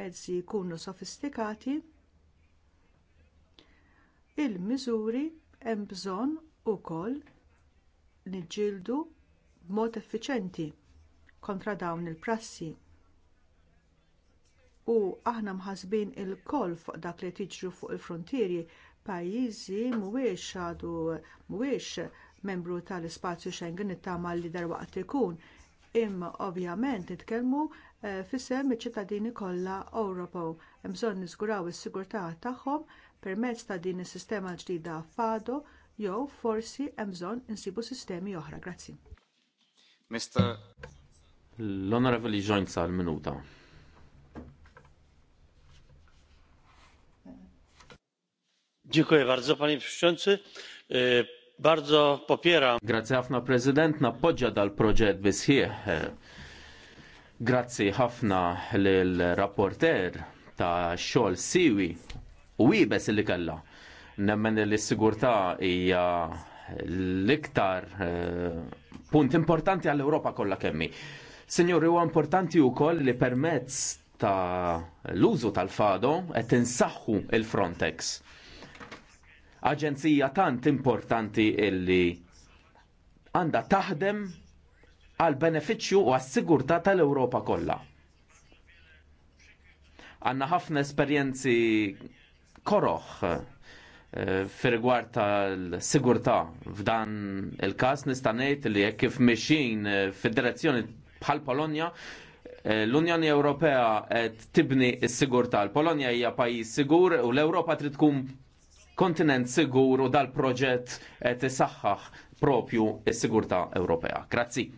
mezzi jkunu sofistikati, il-miżuri hemm bżonn ukoll niġġieldu b'mod effiċenti kontra dawn il-prassi. U aħna mħasbin il-koll fuq dak li tiġru fuq il-frontieri pajjiżi mhuwiex għadu mhuwiex membru tal-ispazju Schengen it-tama li darwaqt ikun imma ovvjament nitkellmu Eh, fissem iċ-ċittadini kollha Ewropew. Hemm bżonn niżguraw is-sigurtà tagħhom permezz ta' din is-sistema ġdida fado jew forsi hemm bżonn insibu sistemi oħra. Grazzi. Mr. L-Honorable sal minuta. Dziękuję bardzo panie przewodniczący. E, bardzo popieram. Grazie President, dal Grazzi ħafna l-rapporter ta' xol siwi u ibes li kalla. Nemmen li s-sigurta hija l-iktar eh, punt importanti għall-Europa kollha kemmi. Sinjur, huwa importanti wkoll li permezz ta' l-użu tal-fado qed tinsaħħu il-Frontex. Aġenzija tant importanti illi għandha taħdem għal beneficju u għas-sigurtà tal-Ewropa kollha. Għanna ħafna esperjenzi koroħ eh, fir-rigward tal-sigurtà f'dan il-każ nista' ngħid li jekk kif mixin eh, fid-direzzjoni bħal Polonja, eh, l-Unjoni Ewropea qed tibni s-sigurtà. L-Polonja hija pajjiż sigur u l-Ewropa trid tkun kontinent sigur u dal-proġett qed isaħħaħ propju s-sigurtà Ewropea. Grazzi.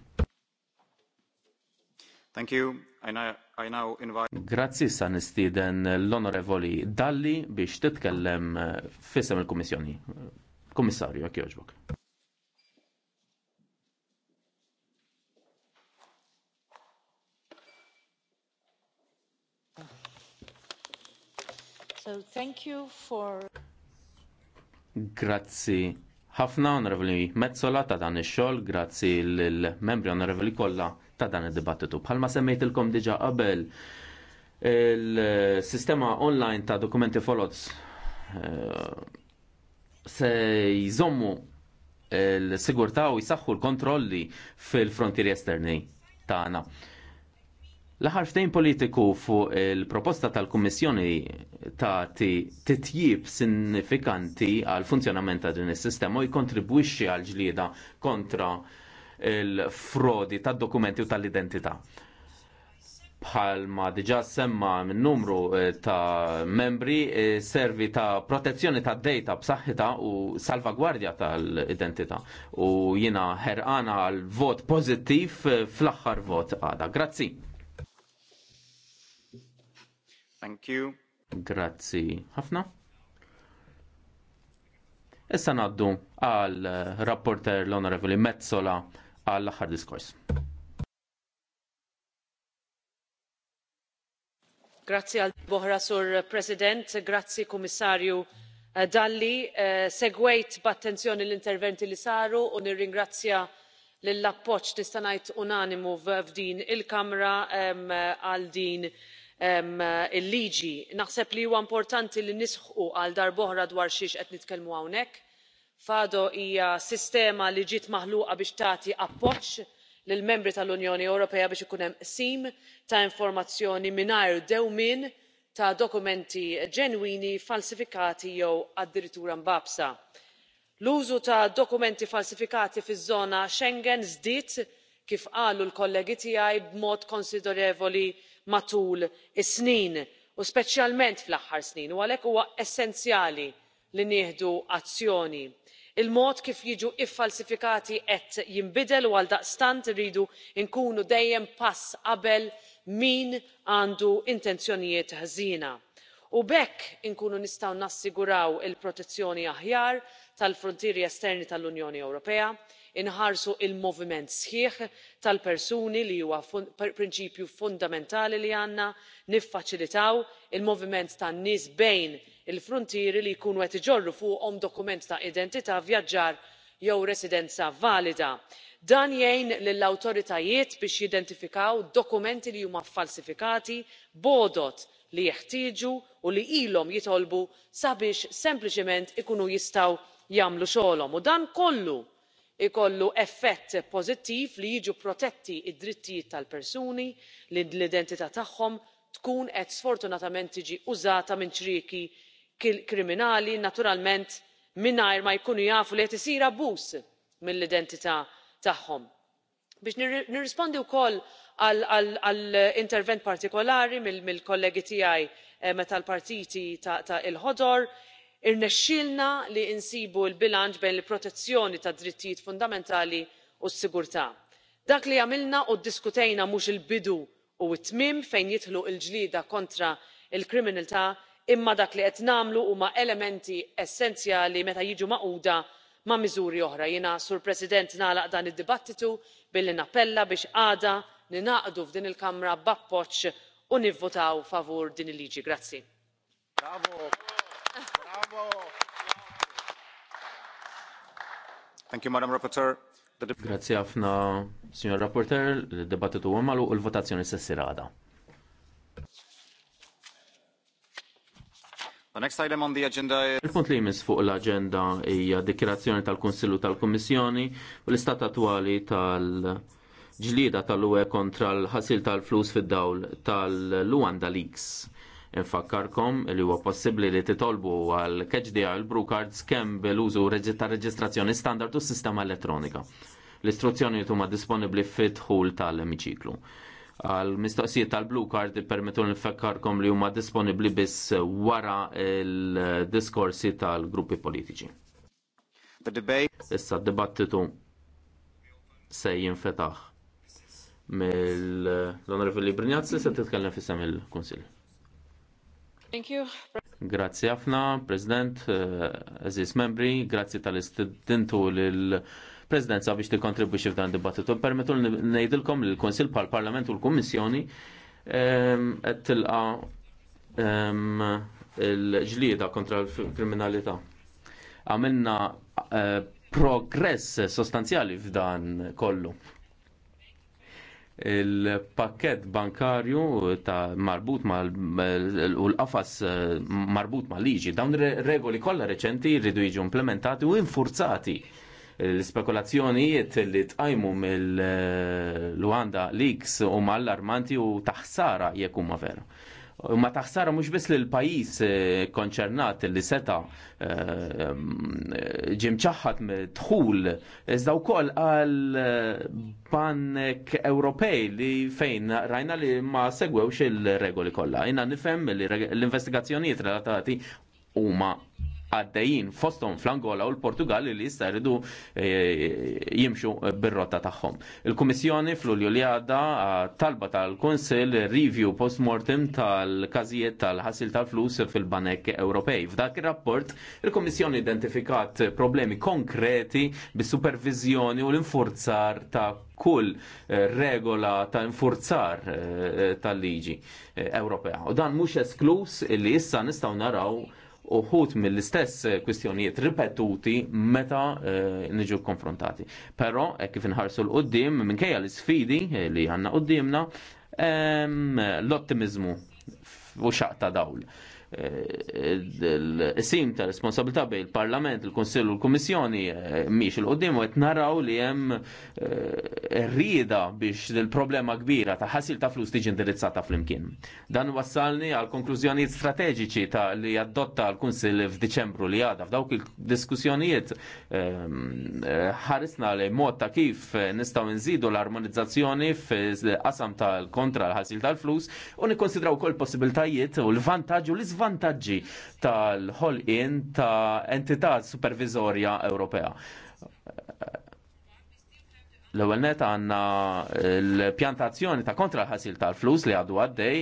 Thank you. I now, I now invite... Grazzi san nistieden l-onorevoli Dalli biex titkellem eh, fissem il kommissjoni Kummissarju, għak joġbok. So thank you for... Grazzi ħafna onorevoli mezzola ta' dan ix-xogħol, grazzi lill membri onorevoli kollha ta' dan id-dibattitu. Bħalma semmejtilkom diġa qabel il-sistema online ta' dokumenti folots eh, se jżommu eh, l-sigurtà u jisaxħu l-kontrolli fil-frontieri esterni tagħna. l aħħar ftejn politiku fuq il-proposta tal-Kummissjoni ta' titjib sinifikanti għal funzjonament ta' din is-sistema u jkontribwixxi għal ġlieda kontra il-frodi tad-dokumenti u tal-identità bħalma diġa semma minn numru eh, ta' membri eh, servi ta' protezzjoni ta' data b'saħħita u salvagwardja tal-identità. U jina ħerqana għal vot pozittiv eh, fl-aħħar vot għada. Grazzi. Thank you. Grazzi. Ħafna. Issa naddu għal rapporter l-onorevoli Mezzola għall-aħħar diskors. Grazzi għal boħra sur President, grazzi Kummissarju eh, Dalli. Eh, segwejt b'attenzjoni l-interventi li saru u nirringrazzja lill appoġġ nista' ngħid unanimu f'din il-Kamra għal din il-liġi. Naħseb li huwa importanti li nisħu għal darb'oħra dwar xiex qed nitkellmu hawnhekk fado hija sistema li ġiet maħluqa biex tagħti appoġġ lill membri tal-unjoni ewropea biex ikun hemm qsim ta' informazzjoni mingħajr dewmien ta' dokumenti ġenwini falsifikati jew addirittura mbagħbsa. l-użu ta' dokumenti falsifikati fiż-żona schengen żdied kif qalu l-kollegi tiegħi b'mod konsidervoli matul is-snin u speċjalment fl-aħħar snin u għalhekk huwa essenzjali li nieħdu azzjoni. il mod kif jiġu iffalsifikati qed jinbidel u għaldaqstant irridu nkunu dejjem pass qabel min għandu intenzjonijiet ħżiena u b'hekk inkunu nistgħu nassiguraw il protezzjoni aħjar tal-fruntieri esterni tal-unjoni ewropea inħarsu l moviment sħiħ tal-persuni li huwa prinċipju fundamentali li għandna niffaċilitaw il moviment tan nies bejn il fruntieri li jkunu qed iġorru fuqhom dokument ta' identità vjaġġar jew residenza valida. dan jgħin lill-awtoritajiet biex jidentifikaw dokumenti li huma ffalsifikati bogħodod li jeħtieġu u li ilhom jitolbu sabiex sempliċement ikunu jistgħu jagħmlu xogħolhom u dan kollu jkollu effett pożittiv li jiġu protetti d drittijiet tal persuni li l identità tagħhom tkun qed sfortunatament tiġi użata minn ċrieki kriminali naturalment mingħajr ma jkunu jafu li qed isir abbuż mill-identità tagħhom. biex nirrispondi wkoll għall intervent partikolari mill-kollegi tiegħi eh, l partiti il ħodor irnexxielna li nsibu l bilanċ bejn il-protezzjoni tad drittijiet fundamentali u s-sigurtà. dak li għamilna u ddiskutejna mhux il bidu u t tmiem fejn jidħlu l ġlieda kontra l kriminalità imma dak li qed nagħmlu huma elementi essenzjali meta jiġu magħquda ma' miżuri oħra. jiena sur president nagħlaq dan id-dibattitu billi nappella biex għada ningħaqdu f'din il kamra b'appoġġ u nivvotaw favur din il-liġi. grazzi. Grazzi ħafna, Signor Rapporteur, huwa u l-votazzjoni Il-punt li jmiss fuq l-agenda hija dikjerazzjoni tal-Kunsillu tal-Kummissjoni u l-istat attwali tal-ġlida tal-UE kontra l-ħasil tal-flus fid-dawl tal-Luanda Leaks. Infakkarkom li huwa possibbli li titolbu għal keġdi għal brew kemm bil-użu ta' reġistrazzjoni standard u sistema elettronika. L-istruzzjoni huma disponibbli fit-dħul tal-emiċiklu għal mistoqsijiet tal-Blue Card permettu nfekkarkom li huma disponibbli biss wara il-diskorsi tal-gruppi politiċi. Issa d-dibattitu se jinfetaħ mill-Onorevoli Brignazzi se titkellem fissem il konsil Thank you. Grazzi ħafna, President, Aziz eh, Membri, grazie tal-istidintu lil Presidenza biex tikkontribwixxi f'dan dibattitu. Permettu ngħidilkom li l-Kunsill pal-Parlament u l-Kummissjoni ehm, qed tilqa' ehm, l-ġlieda kontra l-kriminalità. Għamilna eh, progress sostanzjali f'dan kollu il-pakket bankarju ta' marbut ma' l-qafas eh, marbut ma' liġi. Dawn regoli kollha reċenti jridu jiġu implementati u infurzati l-spekulazzjonijiet li tqajmu mill-Luanda Leaks u mal-armanti u taħsara jekk huma vera. Ma taħsara mhux biss lil pajjiż eh, konċernat li seta eh, ġimċaħħat dħul iżda wkoll għal eh, banek Ewropej li fejn rajna li ma segwewx il-regoli kollha. Jina nifhem li l-investigazzjonijiet relatati huma għaddejjin fostom fl-Angola u l-Portugal li jista' jridu eh, jimxu bir-rotta tagħhom. Il-Kummissjoni fl-Ulju li għadda talba tal-Kunsill review post-mortem tal-każijiet tal-ħasil tal-flus fil-Banek Ewropej. F'dak ir-rapport il-Kummissjoni identifikat problemi konkreti bis-supervizjoni u l-infurzar ta' kull eh, regola ta' infurzar eh, tal-liġi Ewropea. U dan mhux esklus li issa nistgħu naraw uħut mill-istess eh, kwistjonijiet ripetuti meta eh, niġu konfrontati. Però, eh, kif nħarsu l-qoddim, minkejja l-sfidi li għanna qoddimna, ehm, l-ottimizmu u xaqta dawl il-sim ta' responsabilità bej il-Parlament, il konsil u l komissjoni eh, miex il-qoddim u qed naraw li hemm eh, rrieda biex il-problema kbira ta' ħasil ta' flus tiġi indirizzata flimkien. Dan wassalni għal konklużjonijiet strateġiċi ta' li adotta l-Kunsill f'Diċembru li għadha f'dawk il-diskussjonijiet ehm, eh, ħarisna li mod ta' kif nistgħu nżidu l-armonizzazzjoni f'qasam tal-kontra l-ħasil tal-flus u nikkonsidraw kol possibiltajiet u l-vantaġġ u l-iżvantaġġ vantaġġi tal-ħolqien ta' entità supervizorja Ewropea L-ewwel net għandna l-pjantazzjoni ta' kontra ħasil tal-flus li għadu għaddej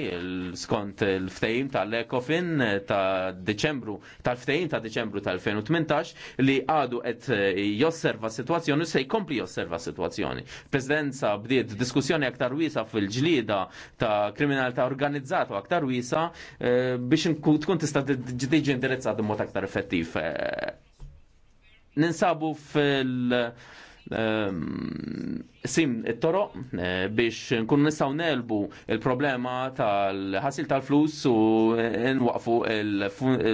skont il-ftehim tal-Ecofin ta' Deċembru tal-ftehim ta' Deċembru tal-2018 li għadu qed josserva situazzjoni se jkompli josserva situazzjoni. Presidenza bdiet diskussjoni aktar wiesa fil-ġlida ta' kriminalità organizzata u aktar wiesa eh, biex tkun tista' tiġi indirizzata b'mod aktar effettiv. Eh, ninsabu fil- Ehm, sim it-toroq eh, biex nkun nistgħu nelbu il-problema tal-ħasil tal-flus u eh, nwaqfu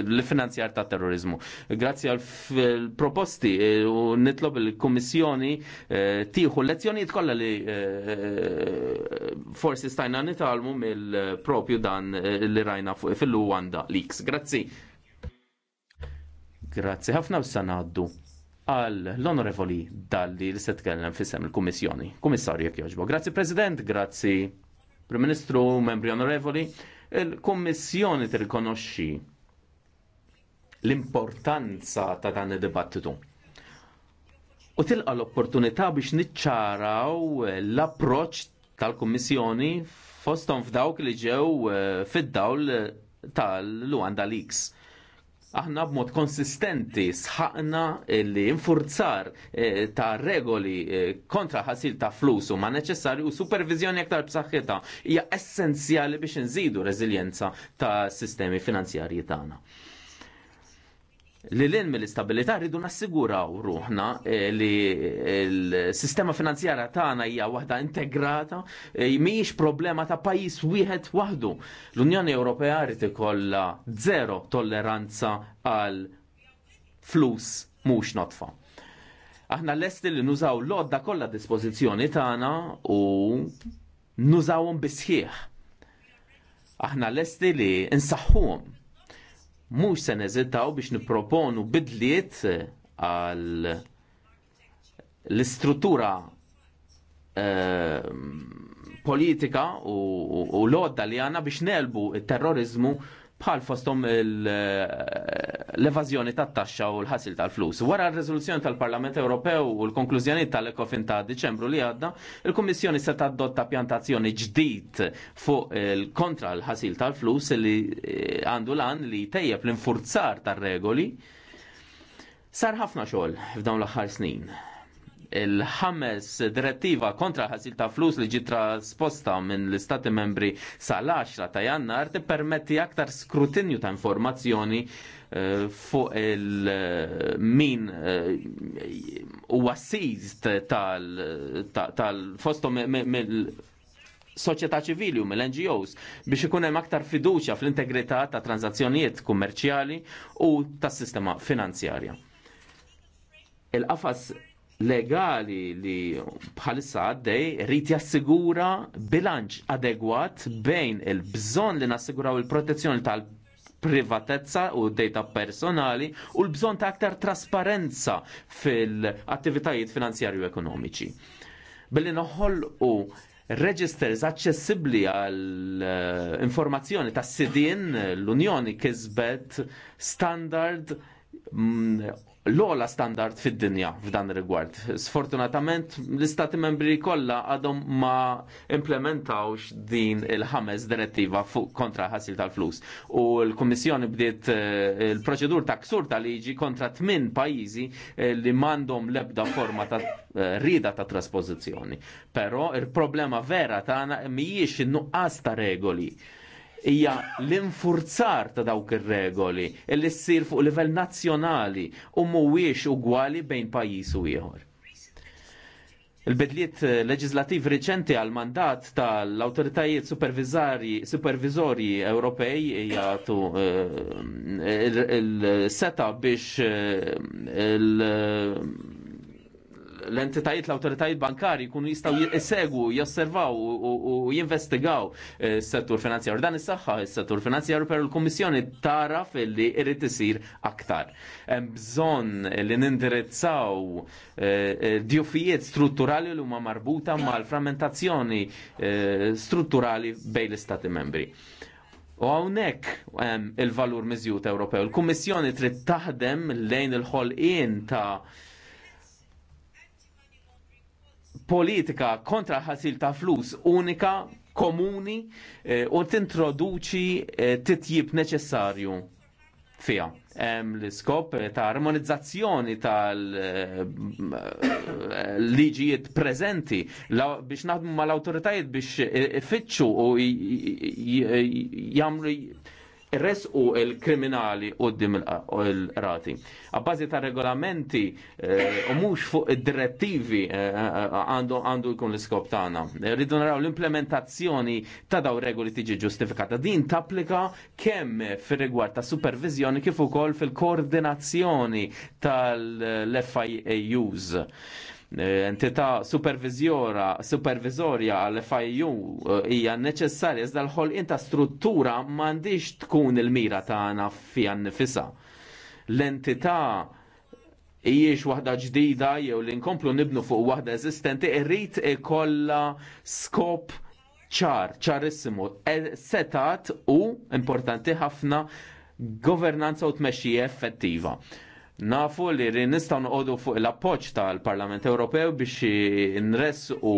l-finanzjar tat terrorizmu. Grazzi għal proposti eh, u nitlob il-Kummissjoni tieħu lezzjonijiet kollha li forsi stajna nitalmu mill-propju dan li rajna fil-Luanda Leaks. Grazzi. Grazzi ħafna u sanaddu għal l-onorevoli dalli li se tkellem fissem il-Kummissjoni. Kummissarju jek joġbo. Grazzi President, grazzi Prim Ministru, membri onorevoli. Il-Kummissjoni tirkonoxxi l-importanza ta' dan id-dibattitu. U tilqa l-opportunità biex niċċaraw l-approċ tal-Kummissjoni foston f'dawk li ġew eh, fid-dawl tal-Luanda Leaks aħna b'mod konsistenti sħaqna li infurzar eh, ta' regoli eh, kontra ħasil ta' flus ma' neċessarju u supervizjoni aktar b'saħħitha hija essenzjali biex nżidu reżiljenza ta' sistemi finanzjarji tagħna li l-in mill-istabilità rridu nassiguraw ruħna eh, li l-sistema finanzjara tagħna hija waħda integrata eh, mhijiex problema ta' pajjiż wieħed waħdu. L-Unjoni Ewropea rrid ikollha zero tolleranza għal flus mhux notfa. Aħna lesti li nużaw l-odda kollha dispożizzjoni tagħna u nużawhom bisħieħ. Aħna lesti li nsaħħuhom mhux se neżitaw biex nipproponu bidliet għal l-istruttura eh, politika u, l-odda li għanna biex nelbu terrorizmu bħal fostom eh, l-evazjoni tat taxxa u l-ħasil tal-flus. Wara r-rezoluzzjoni tal-Parlament Ewropew u l-konklużjoni tal-Ekofin ta' Diċembru li għadda, il-Kummissjoni se tadotta pjantazzjoni ġdid fuq il-kontra l-ħasil tal-flus li eh, għandu lan li tejjeb l-infurzar tar-regoli. Sar ħafna xogħol f'dawn l-aħħar snin il-ħames direttiva kontra ħasil ta' flus li ġi trasposta minn l-Istati membri sal-10 ta' jannar permetti aktar skrutinju ta' informazzjoni eh, fuq il-min eh, u assis tal mill soċjetà ċivili u mill-NGOs biex ikun hemm aktar fiduċja fl-integrità ta' tranzazzjonijiet kummerċjali u tas-sistema finanzjarja. Il-qafas legali li bħalissa għaddej rrit jassigura bilanċ adegwat bejn il-bżon li nassiguraw il-protezzjoni tal privatezza u data personali u l-bżon ta' aktar trasparenza fil-attivitajiet finanzjarju ekonomiċi. Billi noħol u registers accessibli għal eh, informazzjoni ta' sidin l-Unjoni kizbet standard mm, l-ola standard fid-dinja f'dan rigward. Sfortunatament, l-istati membri kollha għadhom ma implementawx din il-ħames direttiva kontra ħasil tal-flus. U l-Kommissjoni bdiet eh, il-proċedur ta' ksur ta' liġi kontra tmin pajjiżi eh, li m'għandhom l-ebda forma ta' eh, rida ta' traspożizzjoni. Però il-problema vera tagħna mhijiex in-nuqqas ta' regoli hija l-infurzar ta' dawk ir-regoli li ssir fuq livell nazzjonali u mhuwiex ugwali bejn pajjiż u ieħor. Il-bidliet leġislativ riċenti għal mandat tal-autoritajiet supervizori Ewropej jgħatu eh, il-seta biex eh, il l-entitajiet l-autoritajiet bankari jkunu jistgħu jissegu, josservaw u jinvestigaw eh, s-settur finanzjaru. Dan is-saħħa s-settur finanzjaru per l komissjoni tara fil-li irrit isir aktar. Hemm bżonn li nindirizzaw eh, eh, djufijiet strutturali li huma marbuta mal-frammentazzjoni strutturali bejn l-Istati membri. U għawnek il-valur mizjut Ewropew. Il-Kummissjoni trid taħdem lejn il-ħolqien ta' politika kontra ħasil ta' flus unika, komuni eh, u tintroduċi eh, titjib neċessarju fija. Hemm l-iskop ta' armonizzazzjoni tal-liġijiet eh, prezenti biex naħdmu mal-awtoritajiet biex ifittxu u jagħmlu res u il-kriminali u il-rati. A bazi ta' regolamenti eh, u mux fuq id-direttivi eh, eh, għandu jkun l-iskop tagħna. Rridu naraw l-implementazzjoni ta' daw regoli tiġi ġustifikata. Din tapplika kemm fir-rigward ta' supervizjoni kif ukoll fil-koordinazzjoni tal-FIAUs entità supervizjora, supervizorja għal FIU eh, hija neċessarja iżda l ħol inta struttura m'għandix tkun il-mira tagħna fiha nifisa. L-entità ijiex waħda ġdida jew li nkomplu nibnu fuq waħda eżistenti, irrid ikolla skop ċar, ċarissimu, e, setat u importanti ħafna governanza u tmexxija effettiva. Nafu li nistgħu noqogħdu fuq l-appoġġ tal-Parlament Ewropew biex nresqu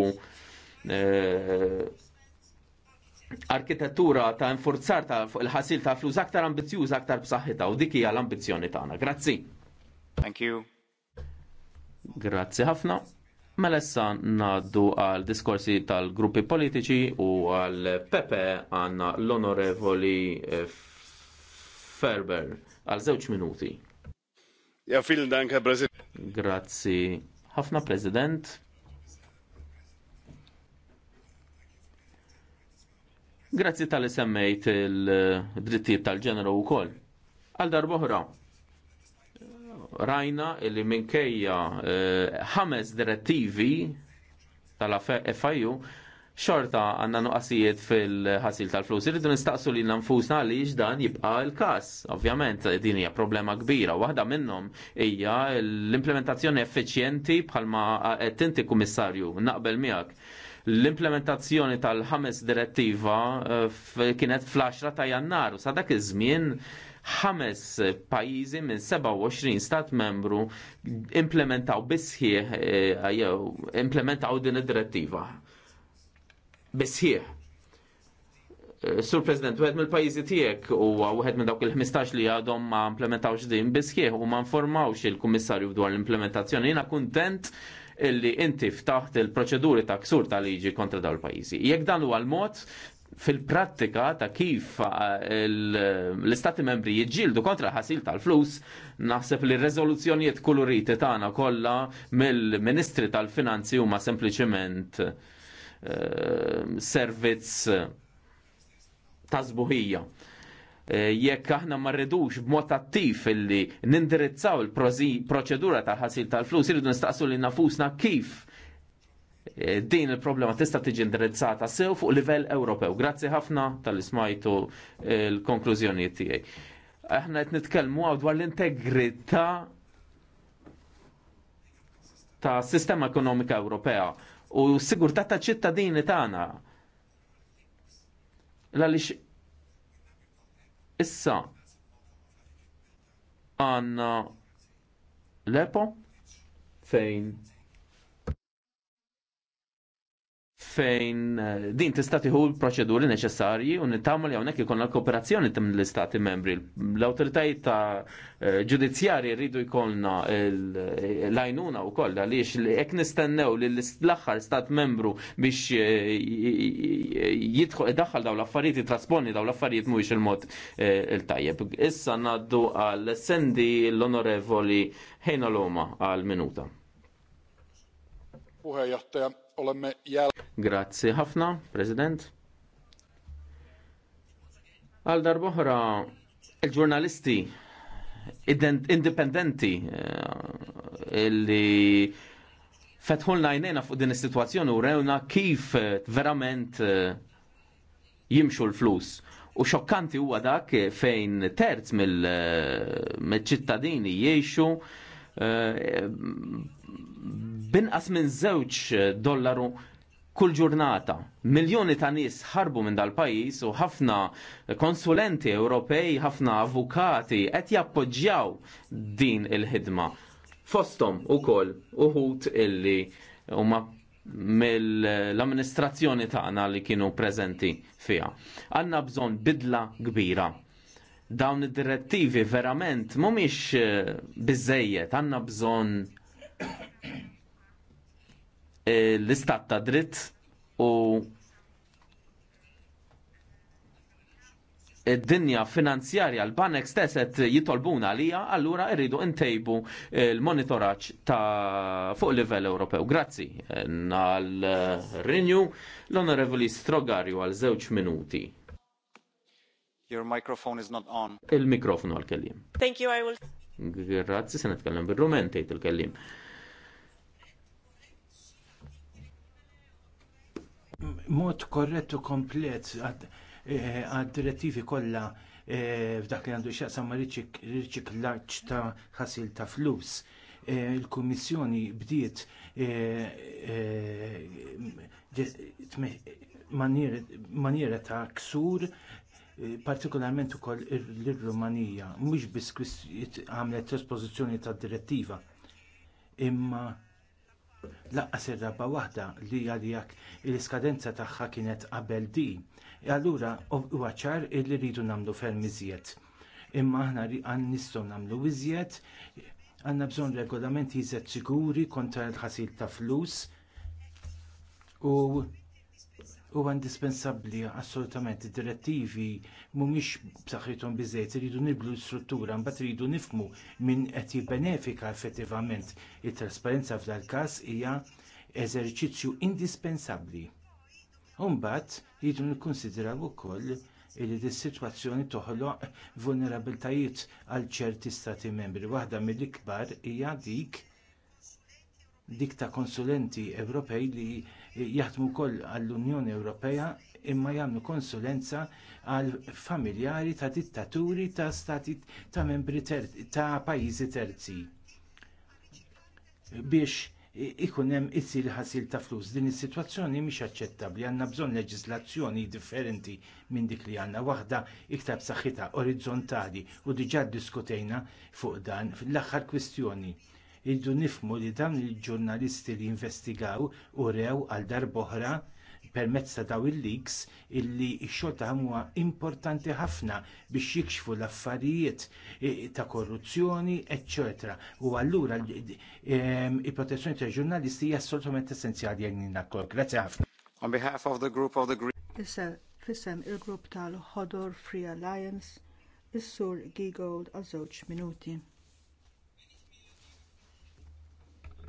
eh, arkitettura ta' infurzar ta' fuq il-ħasil ta' flus aktar ambizjuż aktar b'saħħitha u dik hija l-ambizzjoni tagħna. Grazzi. Thank you. Grazzi ħafna. Mela issa ngħaddu għal diskorsi tal-gruppi politiċi u għal Pepe għandna l-onorevoli Ferber għal żewġ minuti. Ja, vielen Dank, Herr Präsident. Grazzi. Ħafna President. Grazzi tal semmejt il-drittijiet tal-ġenero u koll. Għal darboħra, rajna li minkejja eh, ħames direttivi tal-FIU xorta għanna nuqqasijiet fil-ħasil tal-flus. Irridu nistaqsu li nfusna li dan jibqa l-kas. Ovvjament, din hija problema kbira. Waħda minnhom hija l-implementazzjoni effiċjenti bħalma tinti kummissarju, naqbel miegħek l-implementazzjoni tal-ħames direttiva eh, kienet fl-10 ta' jannar u sa' dak iż-żmien ħames pajjiżi minn 27 stat membru implementaw bisħieħ eh, implementaw din id-direttiva bisħieħ. Eh, Sur President, u mill pajjiżi tiegħek u għed minn dawk il-15 li għadhom ma implementawx din bisħieħ u ma informawx il-Kummissarju dwar l-implementazzjoni. Jiena kuntent illi inti ftaħt il-proċeduri ta' ksur ta' liġi kontra dawn il pajjiżi Jekk dan huwa l-mod, fil-prattika ta' kif eh, l-istati membri jiġġieldu kontra ħasil tal-flus, naħseb li r-rezoluzzjonijiet kuluriti tagħna kollha mill-Ministri tal-Finanzi huma sempliċement Ehm, servizz eh, ta' zbuħija. Eh, jekk aħna ma rridux b'mod attiv illi nindirizzaw il-proċedura ta' ħasil tal-flus, irridu nistaqsu li nafusna kif eh, din il-problema tista' tiġi indirizzata sew fuq livell Ewropew. Grazzi ħafna tal-ismajtu l-konklużjoni tiegħi. Aħna qed nitkellmu għaw dwar l-integrità ta' sistema ekonomika Ewropea u s-sigurtà ta' ċittadini tagħna. Lalix issa għanna lepo fejn fejn eh, din tista' tieħu l-proċeduri neċessarji u nittamel hawnhekk ikun l-kooperazzjoni tim l-istati membri. L-awtoritajiet ta' eh, ġudizzjarji rridu jkollna eh, l-għajnuna wkoll għaliex hekk nistennew li l-aħħar stat membru biex jidħol daħħal daw l-affarijiet jitrasponi daw l-affarijiet mhuwiex il-mod il-tajjeb. Issa ngħaddu għal sendi l-onorevoli l Loma għal minuta. Puheenjohtaja, Grazzi ħafna, President. Għal darboħra, il-ġurnalisti indipendenti eh, illi fetħulna jnejna fuq din is-sitwazzjoni u rewna kif eh, verament eh, jimxu l-flus. U xokkanti huwa dak fejn terz mill-ċittadini jiexu binqas minn żewġ eh, dollaru kull ġurnata. Miljoni ta' nies ħarbu minn dal-pajis u ħafna konsulenti Ewropej, ħafna avukati qed jappoġġjaw din il-ħidma. Fostom ukoll uħut illi huma mill-amministrazzjoni tagħna li kienu preżenti fiha. Għandna bżonn bidla kbira. Dawn id-direttivi verament mhumiex eh, biżejjed, għandna bżonn E, l-istat ta' dritt u id-dinja finanzjarja l-banek stesset jitolbuna għalija, allura rridu ntejbu e, l-monitoraġġ ta' fuq livell Ewropew. Grazzi għal e, rinju l-Onorevoli Strogarju għal żewġ minuti. Your microphone is not on. Il-mikrofonu għal-kellim. Thank you, I will. Grazzi, se nitkellem bil-rumen tejt il il kellim mod u komplet għad-direttivi eh, kollha eh, f'dak li għandu xaqsa ma riċiklaċ ta' ħasil ta' flus. Eh, Il-Kummissjoni bdiet maniera ta' ksur partikolarment ukoll l-Rumanija, mhux biss għamlet espożizzjoni tad direttiva, imma Laqqas ir-raba waħda li għalijak il-iskadenza tagħha kienet qabel di. E allura huwa ċar li rridu nagħmlu ferm iżjed. Imma aħna għan nistgħu nagħmlu iżjed, għandna bżonn regolamenti iżjed siguri kontra l-ħasil ta' flus u huwa indispensabbli assolutament id-direttivi mhumiex b'saħħithom biżżejjed iridu niblu l-struttura mbagħad iridu nifhmu min qed jibbenefika effettivament it-trasparenza f'dal każ hija eżerċizzju indispensabbli. Mbagħad jridu nikkonsidraw ukoll li dis-sitwazzjoni toħloq vulnerabbiltajiet għal ċerti stati membri. Waħda mill-ikbar hija dik dik ta' konsulenti Ewropej li jaħdmu wkoll għall-Unjoni Ewropea imma jagħmlu konsulenza għal familjari ta' dittaturi ta' stati ta' membri ta' pajjiżi terzi biex ikun hemm isir ħasil ta' flus. Din is-sitwazzjoni mhix aċċettabbli, għandna bżonn leġiżlazzjoni differenti minn dik li għandna waħda iktar b'saħħitha orizzontali u diġà ddiskutejna fuq dan fl-aħħar kwistjoni Iddu nifmu li dawn il-ġurnalisti li investigaw u rew għal darboħra permezz ta' daw il-leaks illi x-xogħol huwa importanti ħafna biex jikxfu l-affarijiet e, e, ta' korruzzjoni, etc. U allura e, il-protezzjoni ta' ġurnalisti hija assolutament essenzjali għajnina kol. Grazie ħafna. On behalf of the group of the Green. Issa fissem il-grupp tal-Hodor Free Alliance, is-sur Gigold għal żewġ minuti.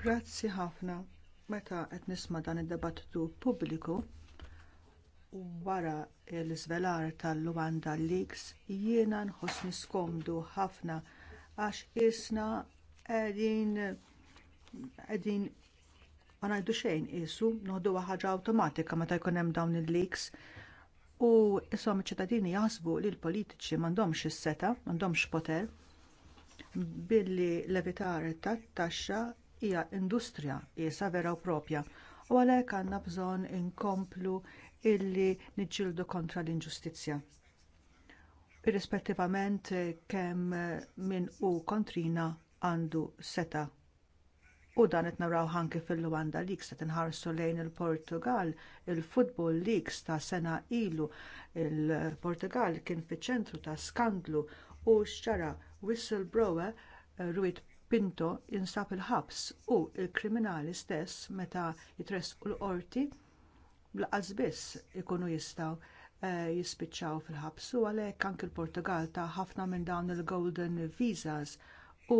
Grazzi ħafna. Meta qed nisma' dan id-debattitu pubbliku wara l-iżvelar tal-Luanda Leaks jiena nħossni skomdu ħafna għax isna qegħdin qegħdin ma ngħidu xejn qisu noħduha ħaġa awtomatika meta jkun hemm dawn il-leaks. U isom iċ-ċittadini jaħsbu li l-politiċi m'għandhomx is-seta, m'għandhomx poter billi levitar tat-taxxa hija industrija qiesha vera u proprja u għalhekk għandna bżonn inkomplu illi niġġieldu kontra l-inġustizzja. Irrispettivament kemm min hu kontrina għandu seta. U dan qed naraw anke fil-Luanda Leaks qed inħarsu lejn il-Portugal, il-Football Leaks ta' sena ilu. Il-Portugal kien fiċ-ċentru ta' skandlu u xċara whistleblower eh, Ruid Pinto jinsab il-ħabs u l il kriminali stess meta jitressqu l-qorti blaqas biss ikunu jistgħu eh, jispiċċaw fil-ħabs u għalhekk anki l-Portugal ta' ħafna minn dawn il-Golden Visas u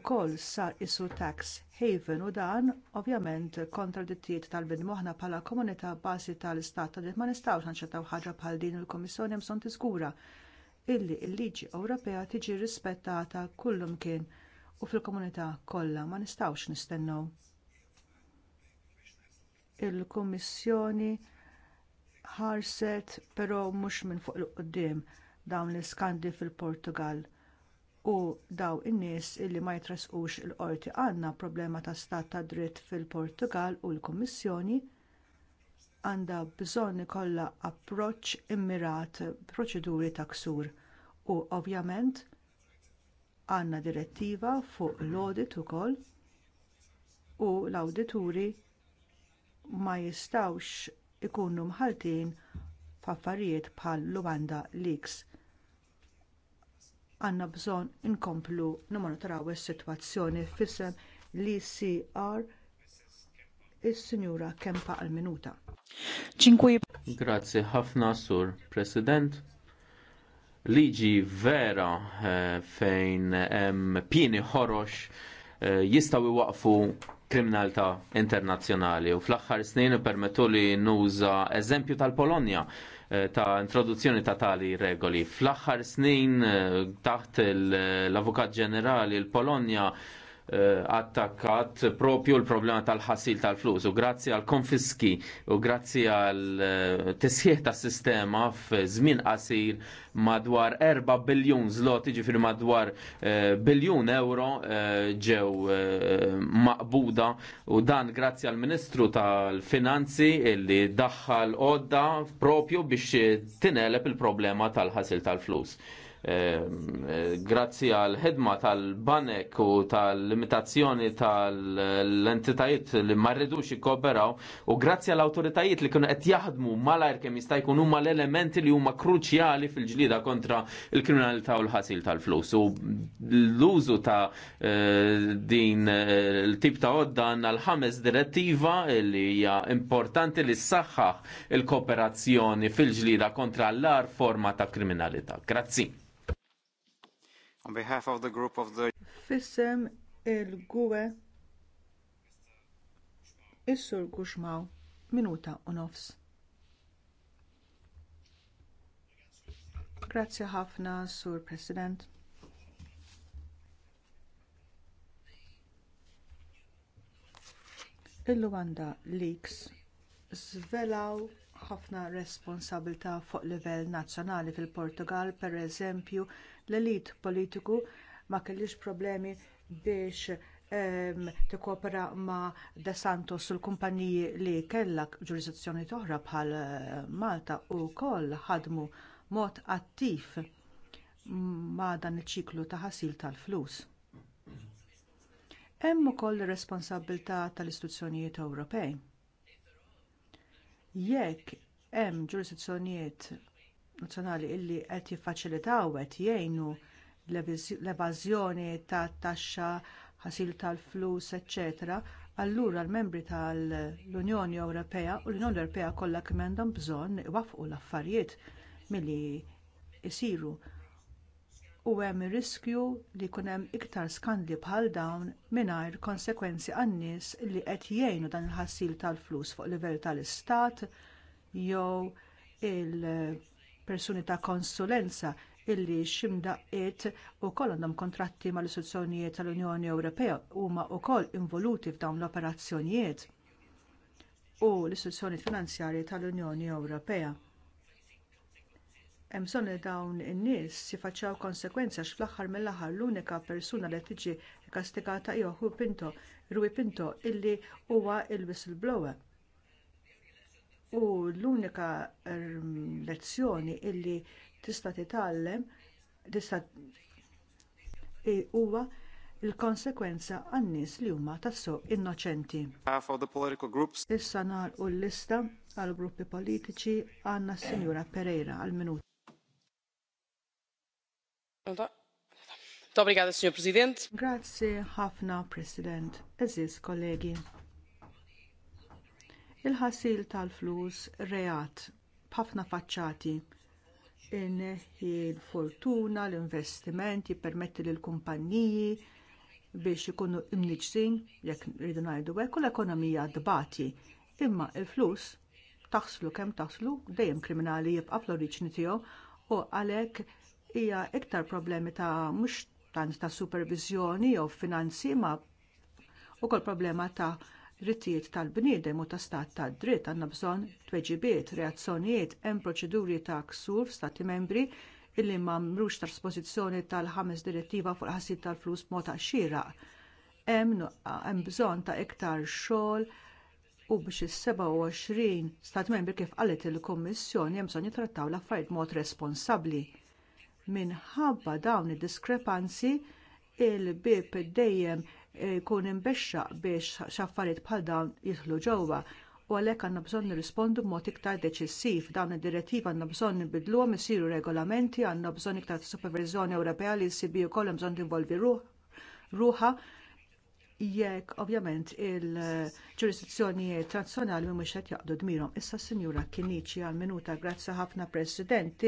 wkoll sar isu tax haven u dan ovvjament kontra d tal-bidmu aħna bħala komunità bażi tal-istat ta' ma nistgħux nċettaw ħaġa bħal din il-Komissjoni hemm bżonn tiżgura illi l-liġi Ewropea tiġi rispettata kullum kien u fil-komunità kollha ma nistgħux nistennew. Il-Kummissjoni ħarset però mhux minn fuq il-qudiem dawn l-iskandi fil-Portugal u daw in-nies illi ma jitresqux il-qorti għandna problema ta' stat ta' dritt fil-Portugal u l-Kummissjoni għandha bżonn ikollha approċċ immirat proċeduri ta' ksur u ovvjament għandna direttiva fuq l-audit ukoll u l-awdituri ma jistawx ikunu mħaltin f'affarijiet bħal Luanda Leaks. Għandna bżonn inkomplu nimmonitoraw is-sitwazzjoni fissem l-ICR is-Sinjura Kempa għal minuta. Grazie ħafna sur President liġi vera eh, fejn hemm pieni ħorox eh, jistgħu iwaqfu kriminalità internazzjonali u fl-aħħar snin permettu li nuża eżempju tal-Polonja eh, ta' introduzzjoni ta' tali regoli. Fl-aħħar snin taħt l-Avukat Ġenerali l-Polonja Eh, attakkat propju l-problema tal-ħasil tal-flus u grazzi għal konfiski u grazzi għal eh, tisħieħ tas sistema f'żmien qasir madwar 4 biljun zlot jiġifieri madwar eh, biljun euro ġew maqbuda u dan grazzi għal Ministru tal-Finanzi illi daħħal odda propju biex tinelep il-problema tal-ħasil tal-flus. Ehm, grazzi għal ħedma tal-banek u tal-limitazzjoni tal-entitajiet li rridux ikkoberaw u grazzi għal autoritajiet li kienu qed jaħdmu malajr kemm jista' jkun huma l-elementi li huma kruċjali fil-ġlida kontra il-kriminalità u l-ħasil tal-flus. U l-użu ta' eh, din il-tip eh, ta' għodda għandna l-ħames direttiva li hija importanti li s-saħħaħ il-kooperazzjoni fil-ġlida kontra l-ar forma ta' kriminalità. Grazzi. On behalf of the group of the... Fissem il-gwe issur Gushmaw minuta u nofs. Hafna ħafna, Sur President. Il-Luanda Leaks zvelaw ħafna responsabilità fuq livell nazzjonali fil-Portugal, pereżempju l-elit politiku ma kellix problemi biex ehm, tikkopera ma De Santos u l-kumpaniji li kellha ġurisdizzjoni toħra bħal eh, Malta u koll ħadmu mod attiv ma dan il ċiklu ta' ħasil tal-flus. Hemm ukoll ir responsabilità tal-istituzzjonijiet Ewropej. Jekk hemm ġurisdizzjonijiet nazzjonali illi qed jiffaċilitaw qed jgħinu l-evażjoni ta' taxxa ħasil tal-flus, eċċetera, allura l-membri tal-Unjoni Ewropea u l-Unjoni Ewropea kollha kemm għandhom bżonn iwafqu l-affarijiet milli jsiru. U hemm ir riskju li jkun hemm iktar skandli bħal dawn mingħajr konsegwenzi għan-nies li qed jgħinu dan il-ħassil tal-flus fuq livell tal-istat jew il- persuni ta' konsulenza illi ximdaqqiet ukoll għandhom kontratti mal istituzzjonijiet tal-Unjoni Ewropea huma wkoll involuti f'dawn l-operazzjonijiet u l-istituzzjonijiet finanzjarji tal-Unjoni Ewropea. Hemm bżonn li dawn in-nies jifaċċaw konsegwenza fl aħħar mill-aħħar l-unika persuna li tiġi kastigata hija Pinto, Rui Pinto illi huwa l whistleblower U l-unika ehm, lezzjoni illi tista' titgħallem tista' huwa il-konsekwenza għan-nies li huma tassew innoċenti. Issa nagħlqu l-lista għall gruppi politiċi għandna s-Sinjura Pereira għal minut. Grazie ħafna, President. Eżis, kollegi il-ħasil tal-flus reat b'ħafna faċċati inħi l-fortuna, l-investiment, jippermetti lill kumpanniji biex ikunu imniġsin, jekk rridu ngħidu hekk u l-ekonomija dbati. Imma il flus taħslu kemm taħslu, dejjem kriminali jibqa' fl-oriġni tiegħu u għalhekk hija iktar problemi ta' mhux tant ta' supervizjoni jew finanzi ma' ukoll problema ta' rittijiet tal-bniedem u ta' stat tad dritt għandna bżonn tweġibiet, reazzjonijiet, hemm proċeduri ta' ksur stati membri illi ta' trasposizzjoni tal-ħames direttiva fuq ħassib tal-flus ta' xira. Hemm bżonn ta' iktar xogħol u biex is-27 stat membri kif qalet il-Kummissjoni hemm bżonn jitrattaw l-affarijiet mod responsabbli. Minħabba dawn id-diskrepanzi il-bib dejjem jkun imbexxa biex xaffariet bħal dawn jidħlu ġewwa u għalhekk għandna bżonn nirrispondu b'mod iktar deċissiv. Dawn id-direttiva għandna bżonn nibidluhom isiru regolamenti, għandna bżonn iktar superviżjoni Ewropea li s-sibi wkoll hemm bżonn tinvolvi ruha. jekk ovvjament il-ġurisdizzjonijiet tradizzjonali mhumiex qed jaqdu dmirhom. Issa Sinjura Kiniċi għal minuta grazzi ħafna President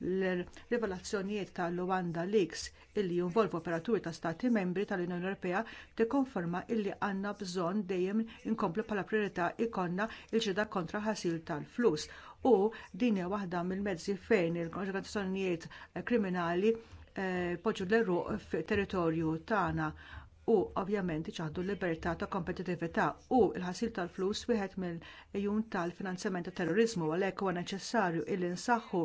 l-rivelazzjonijiet ta' Luanda Leaks illi jinvolvu operaturi ta' stati membri tal-Unjoni Ewropea tikkonferma illi għandna bżonn dejjem inkomplu bħala priorità ikonna il-ġida kontra ħasil tal-flus u din hija waħda mill-mezzi fejn il-konġegazzjonijiet kriminali eh, poġġu l-eru territorju tagħna u ovvjament iċaħdu l-libertà ta' kompetitività u l-ħasil tal-flus wieħed mill-ejjun tal-finanzjament ta' terrorizmu għalhekk huwa neċessarju li nsaħħu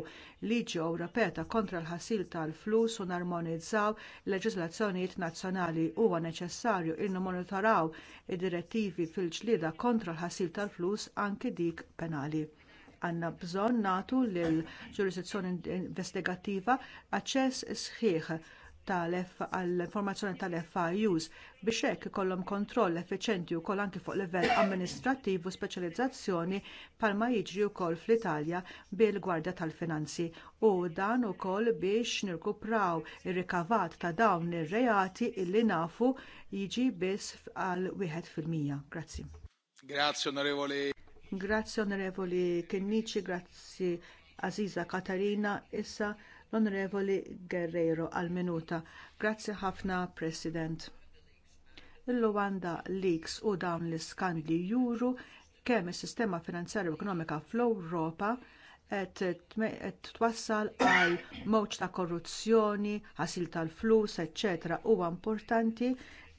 liġi Ewropea kontra l-ħasil tal-flus u narmonizzaw leġiżlazzjonijiet nazzjonali huwa neċessarju li nimmonitoraw id-direttivi fil-ġlieda kontra l-ħasil tal-flus anki dik penali għandna bżonn nagħtu lill ġurisdizzjoni investigattiva aċċess sħiħ tal-informazzjoni tal-FIUs biex hekk ikollhom kontroll effiċjenti wkoll anki fuq livell amministrattiv u speċjalizzazzjoni bħalma jiġri wkoll fl-Italja bil-Gwardja tal-Finanzi u dan ukoll biex nirkupraw ir-rikavat ta' dawn ir-reati illi nafu jiġi biss għal wieħed fil-mija. Grazzi. Grazzi onorevoli. Grazzi onorevoli Kinnici, grazzi Aziza Katarina issa l-Onorevoli Guerrero għal-minuta. Grazzi ħafna, President. Il-Luanda Leaks u dawn l-iskandli juru kemm is-sistema finanzjarju ekonomika fl-Ewropa qed twassal għal mowġ ta' korruzzjoni, ħasil tal-flus, etc. huwa importanti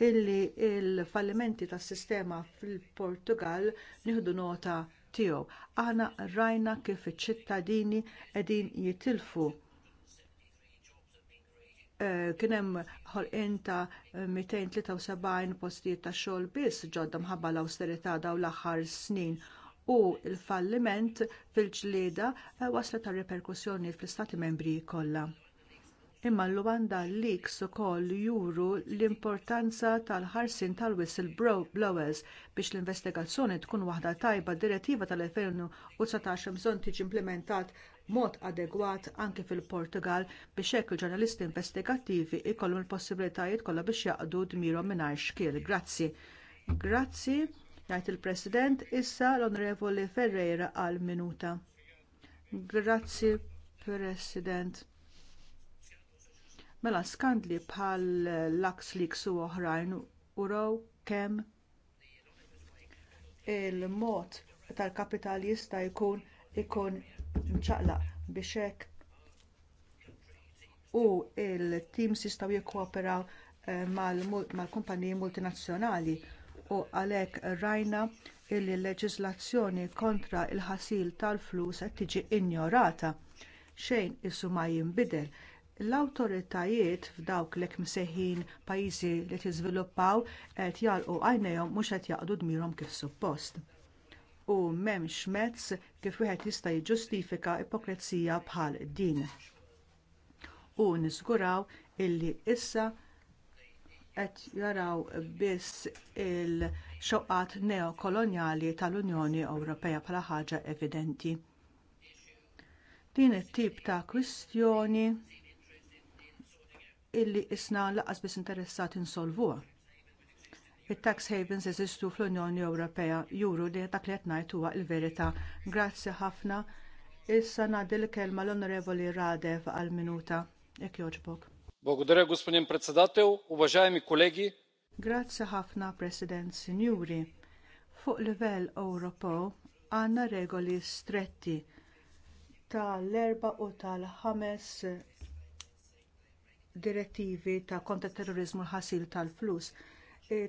illi l fallimenti tas sistema fil-Portugal nieħdu nota tiegħu. Aħna rajna kif iċ-ċittadini qegħdin jitilfu Eh, kien hemm ħolqien ta' 273 postijiet ta' xogħol biss ġodda mħabba l-awsterità dawn l-aħħar snin u l falliment fil-ġlieda eh, waslet ta' reperkussjoni fl-istati membri kollha. Imma l-Luanda Leaks ukoll juru l-importanza tal ħarsien tal-whistleblowers biex l-investigazzjoni tkun waħda tajba d direttiva tal-2019 bżonn tiġi implementat mod adegwat anke fil-Portugal biex hekk il-ġurnalisti investigattivi jkollhom il-possibilitajiet kollha biex jaqdu dmirhom mingħajr xkiel. Grazzi. Grazzi, jgħid il-President, issa l-Onorevoli Ferreira għal minuta. Grazzi, President. Mela skandli bħal Lux Leaks u oħrajn uraw kemm il-mod tal-kapital jista' jkun ikun mċaqlaq biex hekk u l teams jistgħu jikkooperaw eh, mal-kumpaniji multinazzjonali u għalhekk rajna li l leġiżlazzjoni kontra l ħasil tal-flus qed tiġi injorata. Xejn issu ma jinbidel. L-awtoritajiet f'dawk l msejħin pajjiżi li tiżviluppaw qed jalqu għajnejhom mhux qed jaqdu dmirhom kif suppost u m'hemmx mezz kif wieħed jista' jiġġustifika ipokrezija bħal din. U niżguraw illi issa qed jaraw biss il-xoqqat neokolonjali tal-Unjoni Ewropea bħala ħaġa evidenti. Din it-tip ta' kwistjoni illi isna lanqas biss interessat insolvuha it-tax havens eżistu fl-Unjoni Ewropea juru li dak li qed ngħid huwa l-verità. Grazzi ħafna. Issa ngħaddi l-kelma l-Onorevoli Radev għal minuta. Jekk jogħġbok. Благодаря, господин председател, уважаеми колеги. Grazzi ħafna, President Sinjuri. Fuq livell Ewropew għandna regoli stretti tal-erba u tal-ħames direttivi ta' kontra terrorizmu ħasil tal-flus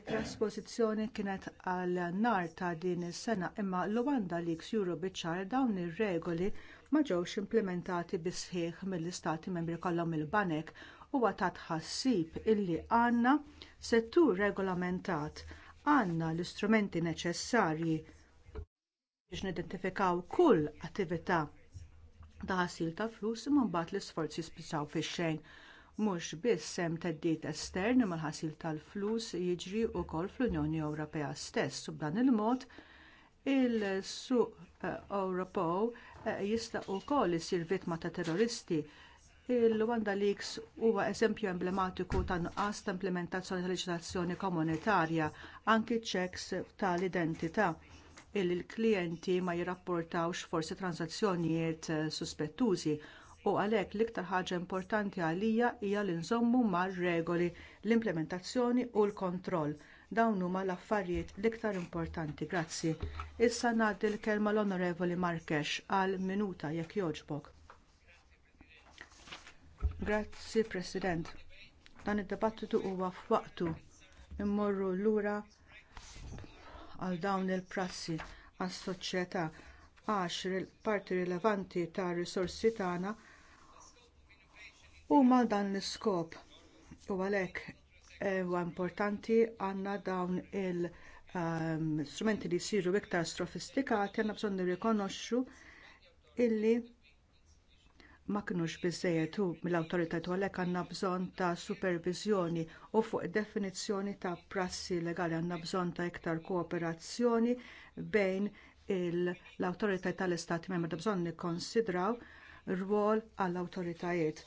trasposizzjoni kienet għal nar ta' din is-sena imma li Leaks Europe ċar dawn ir-regoli ma ġewx implementati bi sħiħ mill-istati membri kollha mill-banek huwa ta' tħassib illi għandna settur regolamentat għandna l-istrumenti neċessarji biex nidentifikaw kull attività ta' ħasil ta' flus imma mbagħad l-isforzi spiċċaw fix-xejn mhux biss sem teddit estern mal ħasil tal-flus jiġri wkoll fl-Unjoni Ewropea stess u b'dan il-mod il-suq eh, Ewropew eh, jista' wkoll isir vittma ta' terroristi Il-Wanda Leaks huwa eżempju emblematiku ta' nuqqas ta' implementazzjoni tal leġislazzjoni komunitarja, anki checks tal-identità il l-klijenti ma jirrapportawx forsi transazzjonijiet eh, suspettużi u għalhekk l-iktar ħaġa importanti għalija hija li nżommu mar-regoli, l-implementazzjoni u l-kontroll. Dawn huma l-affarijiet l-iktar importanti, grazzi. Issa ngħaddi l-kelma l-Onorevoli Markex għal minuta jekk jogħġbok. Grazzi, President. Dan id-dibattitu huwa f'waqtu immorru lura għal dawn il-prassi għas-soċjetà għax parti rilevanti tar risorsi tagħna u mal dan l-iskop. U għalhekk eh, huwa importanti għandna dawn il-strumenti ehm, li jsiru iktar strofistikati għanna bżonn nirrikonoxxu illi ma kinux biżżejjed u mill-awtorità għalhekk għandna bżonn ta' superviżjoni u fuq id definizzjoni ta' prassi legali għandna bżonn ta' iktar kooperazzjoni bejn l-awtorità tal-Istati membri bżonn nikkonsidraw rwol għall-awtoritajiet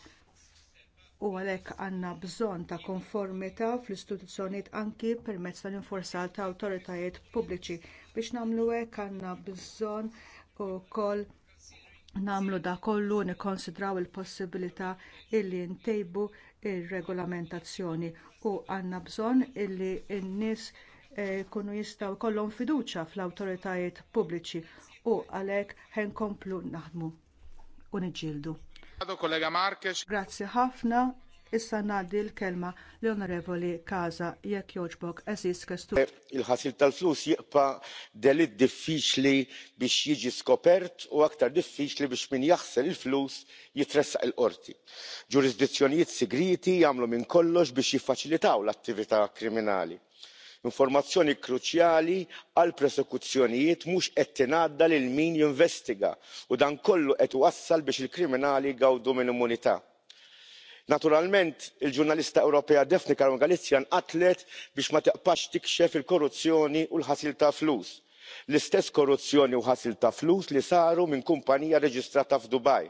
u għalhekk għandna bżonn ta' konformità fl-istituzzjonijiet anki permezz tal-infurzar ta' awtoritajiet pubbliċi. Biex nagħmlu hekk għandna bżonn ukoll nagħmlu da kollu nikkonsidraw il-possibilità illi ntejbu r il regolamentazzjoni u għandna bżonn illi n-nies jkunu eh, jistgħu jkollhom fiduċja fl-awtoritajiet pubbliċi u għalhekk nkomplu naħdmu u niġġieldu kollega Grazzi ħafna. Issa ngħaddi l-kelma l-Onorevoli Kaza jekk jogħġbok eżis kestu. Eh, il-ħasil tal-flus jibqa delitt diffiċli biex jiġi skopert u aktar diffiċli biex min jaħsel il-flus jitressaq il-qorti. Ġurisdizzjonijiet sigriti jagħmlu minn kollox biex jiffaċilitaw l-attività kriminali informazzjoni kruċjali għal prosekuzzjonijiet mhux qed tingħadda lil min jinvestiga u dan kollu qed iwassal biex il-kriminali jgawdu minn immunità. naturalment il ġurnalista ewropea daphne caruana galizia nqatlet biex ma tibqax tikxef il korruzzjoni u l-ħasil ta' flus l istess korruzzjoni u ħasil ta' flus li saru minn kumpanija rreġistrata f'dubai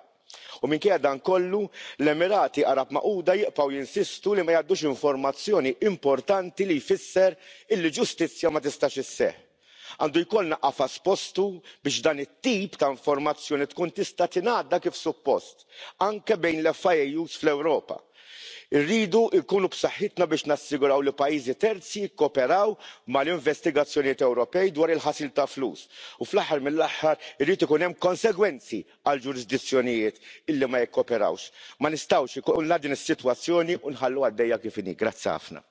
u minkejja dan kollu l emirati arab magħquda jibqgħu jinsistu li ma jgħaddux informazzjoni importanti li jfisser illi ġustizzja ma tistax isseħħ. għandu jkollna qafas postu biex dan it tip ta' informazzjoni tkun tista' tingħadda kif suppost anke bejn l fius fl ewropa irridu nkunu b'saħħitna biex nassiguraw li pajjiżi terzi jikkooperaw mal-investigazzjonijiet ewropej dwar il ħasil ta' flus u fl-aħħar mill-aħħar irid ikun hemm konsegwenzi għal ġurisdizzjonijiet illi ma jikkooperawx. ma nistgħux ikollna din is-sitwazzjoni u nħallu għaddejja kif inhi. grazzi ħafna.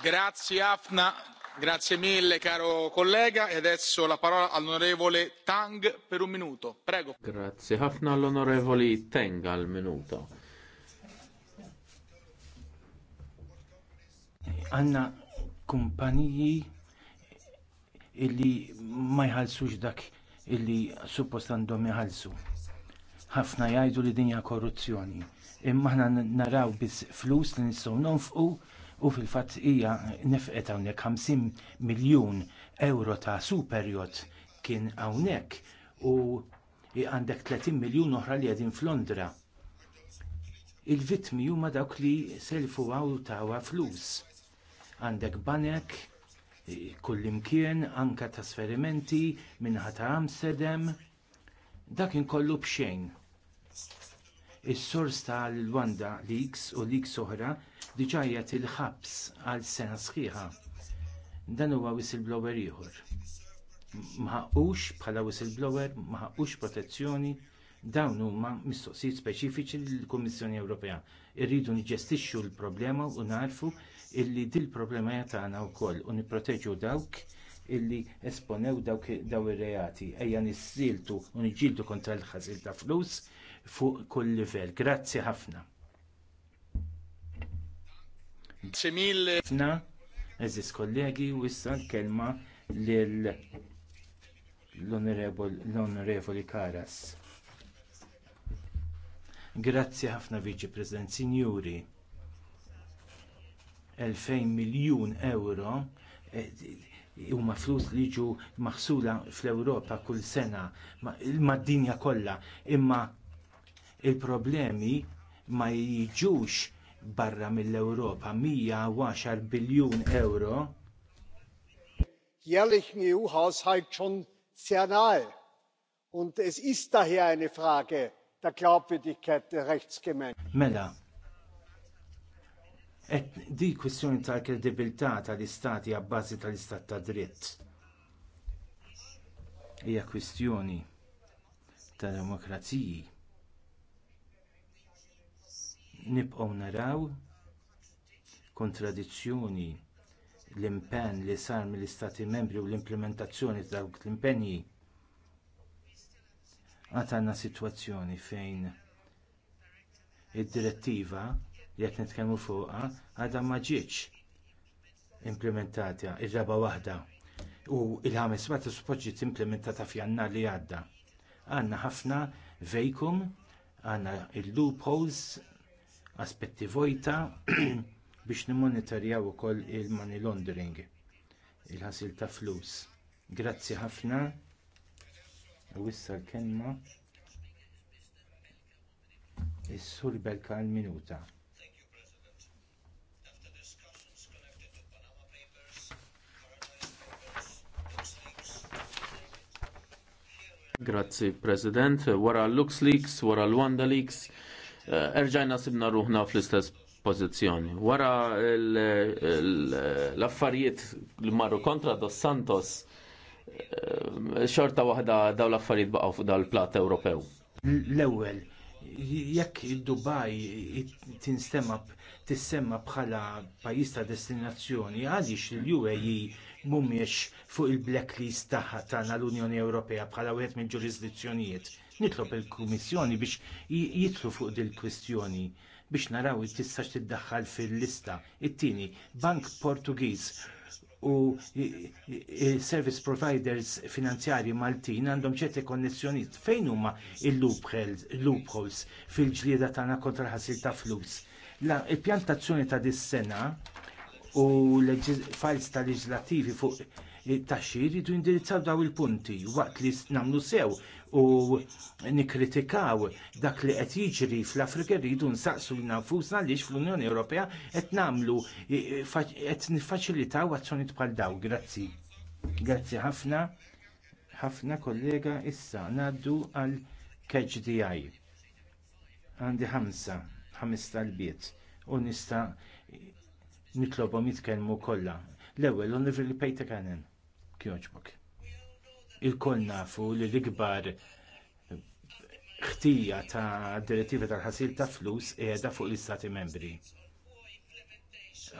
Grazie ħafna, grazie mille caro collega e adesso la parola all'onorevole Tang per un minuto. Prego. Grazie ħafna all'onorevoli Tang al minuto. għanna kumpaniji illi ma jħallsux dak illi suppost għandhom jħallsu. Ħafna jgħidu li dinja korruzzjoni. Imma aħna naraw biss flus li nistgħu nonfqu u fil-fatt hija nefqet hawnhekk 50 miljun euro ta' superjot kien hawnhekk u għandek 30 miljun oħra li għedin f'Londra. il vittmi huma dawk li selfu għaw tawa flus Għandek banek kullimkien anka trasferimenti minħata Amsterdam. Dak inkollu bxejn. Is-sors tal-Wanda Leaks u Leaks oħra diġà il-ħabs għal sena sħiħa. Dan huwa whistleblower ieħor. Maħqux bħala whistleblower, maħqux protezzjoni, dawn huma mistoqsijiet speċifiċi lill-Kummissjoni Ewropea. Irridu niġestixxu l-problema u narfu illi dil problema jatana wkoll u nipproteġu dawk illi esponew dawk daw ir-reati ejja nissiltu u niġġieldu kontra l-ħażil ta' flus fuq kull livell. Grazzi ħafna. Fna, eżis kollegi, u issa l-kelma l-onorevoli Karas. Grazzi ħafna Viċi President, Sinjuri. 2000 miljun euro eh, huma flus li jiġu maħsula fl-Ewropa kull sena mad-dinja kollha, imma l problemi ma jiġux barra mill-Ewropa 110 biljun euro. Jährlichen EU-Haushalt schon sehr nahe. Und es ist daher eine Frage der Glaubwürdigkeit der Rechtsgemeinschaft. Mela, di kwistjoni tal-kredibilità tal-istati għabbażi tal-istat ta' dritt. Hija kwistjoni ta' demokraziji. Nibqgħu naraw kontradizzjoni l-impenn li sar mill-istati membri u l-implementazzjoni ta' dawk l impenni għandna sitwazzjoni fejn id-direttiva li qed nitkellmu fuqha għadha ma ġietx implementata ir-raba waħda u il-ħames ma tispoġġi implementata f'jannar li għadda. Għandna ħafna vejkum, għandna il-loopholes, aspetti vojta biex nimmonitorjaw ukoll il-money laundering, il-ħasil ta' flus. Grazzi ħafna. U issa l-kelma. Is-sur Belka minuta Grazzi, President. Wara LuxLeaks, wara l-Wanda Leaks, eh, erġajna sibna ruħna fl-istess pozizjoni. Wara l-affarijiet li marru kontra Dos Santos, eh, xorta waħda daw l-affarijiet baqaw fuq dal-plat Ewropew. L-ewwel, jekk Dubai tinstema tissemma bħala pajjiż ta' destinazzjoni, għaliex l-UAE mhumiex fuq il-blacklist tagħha tagħna l-Unjoni Ewropea bħala wieħed mill-ġurisdizzjonijiet. Nitlob il-Kummissjoni biex jitlu fuq dil-kwistjoni biex naraw tistax tiddaħħal fil-lista. It-tieni, Bank Portugiż u service providers finanzjarji Maltin għandhom ċerti konnessjonijiet fejn huma il-loopholes fil-ġlieda tagħna kontra ħasil ta' flus. il-pjantazzjoni ta' dis-sena u files ta' leġislattivi fuq it-taxxi jridu indirizzaw daw il-punti waqt li nagħmlu sew u nikkritikaw dak li qed jiġri fl-Afrika rridu nsaqsu nafusna għaliex fl-Unjoni Ewropea qed nagħmlu qed niffaċilitaw azzjonijiet bħal dawn. Grazzi. Grazzi ħafna. Ħafna kollega issa ngħaddu għal KHDI. Għandi ħamsa, ħames tal-biet u nista' nitlobhom jitkellmu kollha. L-ewwel on onorevoli Pejta Kanen kjoġbok. Il-koll nafu li l-ikbar ħtija ta' direttiva tal-ħasil ta' flus qiegħda fuq l-Istati membri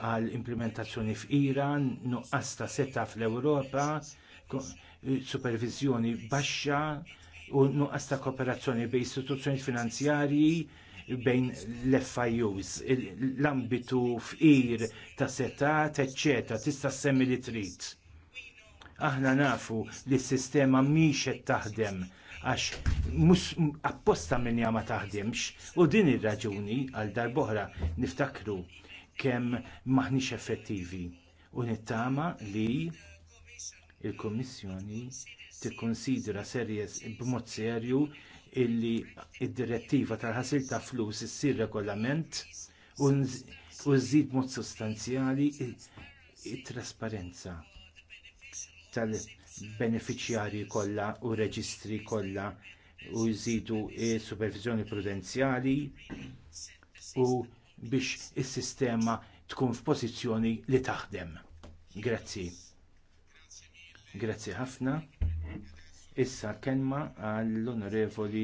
għal implementazzjoni f'Iran, nuqqas ta' seta' fl-Ewropa, superviżjoni baxxa, u nuqqas ta' kooperazzjoni bejn istituzzjoni finanzjarji bejn l-FIUs, l-ambitu f'ir ta' setat, eccetera, tista' semmi li trid. Aħna nafu li s-sistema mhix qed taħdem għax apposta minn ma taħdimx u din ir-raġuni għal darboħra niftakru kemm maħniex effettivi u nittama li il-Kummissjoni tikkunsidra serjes b'mod serju illi d direttiva tal-ħasil ta' flus issir regolament u żżid mod sostanzjali t trasparenza tal-benefiċjarji kollha u reġistri kollha u jżidu s-superviżjoni prudenzjali u biex is-sistema tkun f'pożizzjoni li taħdem. Grazzi. Grazzi ħafna. Issa kenma għall-Onorevoli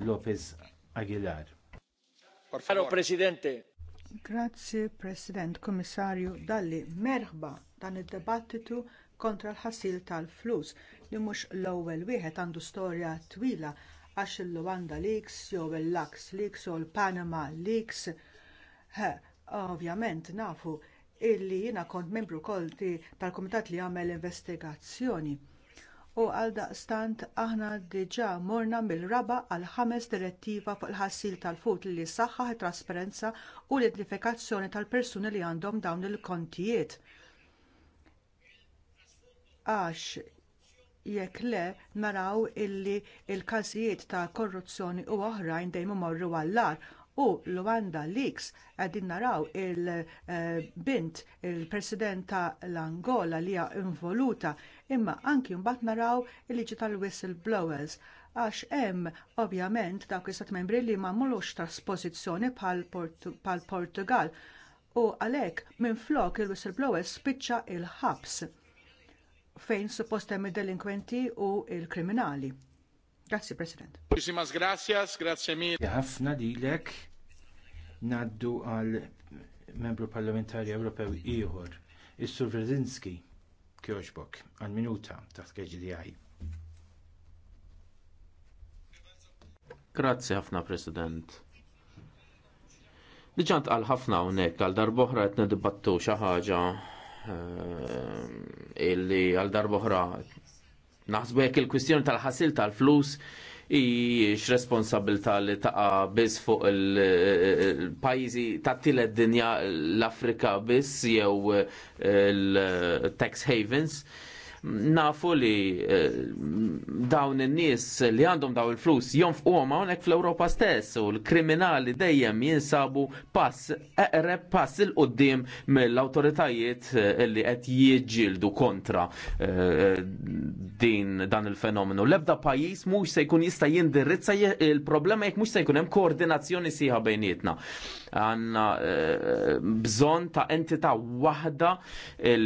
Lopez Aguilar. Hello, Presidente. Grazzi, President, Komissarju, dalli merħba dan id-debattitu kontra l-ħasil tal-flus li mhux l-ewwel wieħed għandu storja twila għax il-Luanda Leaks jew il-Lux Leaks jew il-Panama Leaks. Ovvjament nafu illi jiena kont membru wkoll tal kumitat li għamel investigazzjoni. U għaldaqstant aħna diġà morna mill-raba għal ħames direttiva fuq il-ħassil tal-fut li saħħaħ it trasparenza u l-identifikazzjoni tal-persuni li għandhom dawn il-kontijiet. Għax jekk le naraw illi l il każijiet ta' korruzzjoni u oħrajn dejjem imorru għal u Luanda Leaks qegħdin naraw il-bint eh, il-president l-Angola li hija involuta imma anki mbagħad naraw il-liġi tal-whistleblowers għax hemm ovvjament dawk is membri li ma mhulux trasposizzjoni pal Portugal u għalhekk minflok il-whistleblowers spiċċa il-ħabs fejn suppost hemm id-delinkwenti u l kriminali Grazie, President. Muchísimas gracias, grazie mille. Ħafna dilek naddu għal membru parlamentari Ewropew ieħor, is-Sur Vrezinski Kjoġbok, għal minuta taħt KGDI. Grazie, ħafna, President. Diġant għal ħafna unek, għal darboħra qed nidibattu xi ħaġa eh, illi għal darboħra Naħsbu jekk il-kwistjoni tal-ħasil tal-flus ix responsabilta li taqa biss fuq il pajizi ta' tile dinja l-Afrika biss jew il-tax havens nafu li eh, dawn in-nies li għandhom daw il-flus jonfquhom hawnhekk fl-Ewropa stess u l-kriminali dejjem jinsabu pass eqreb pass il qoddim mill-awtoritajiet eh, li qed jiġġieldu kontra eh, din dan il-fenomenu. L-ebda pajjiż mhux se jkun jista' jindirizza il-problema jekk mhux se jkun hemm koordinazzjoni sieħa bejnietna. Għanna bżonn ta' entità waħda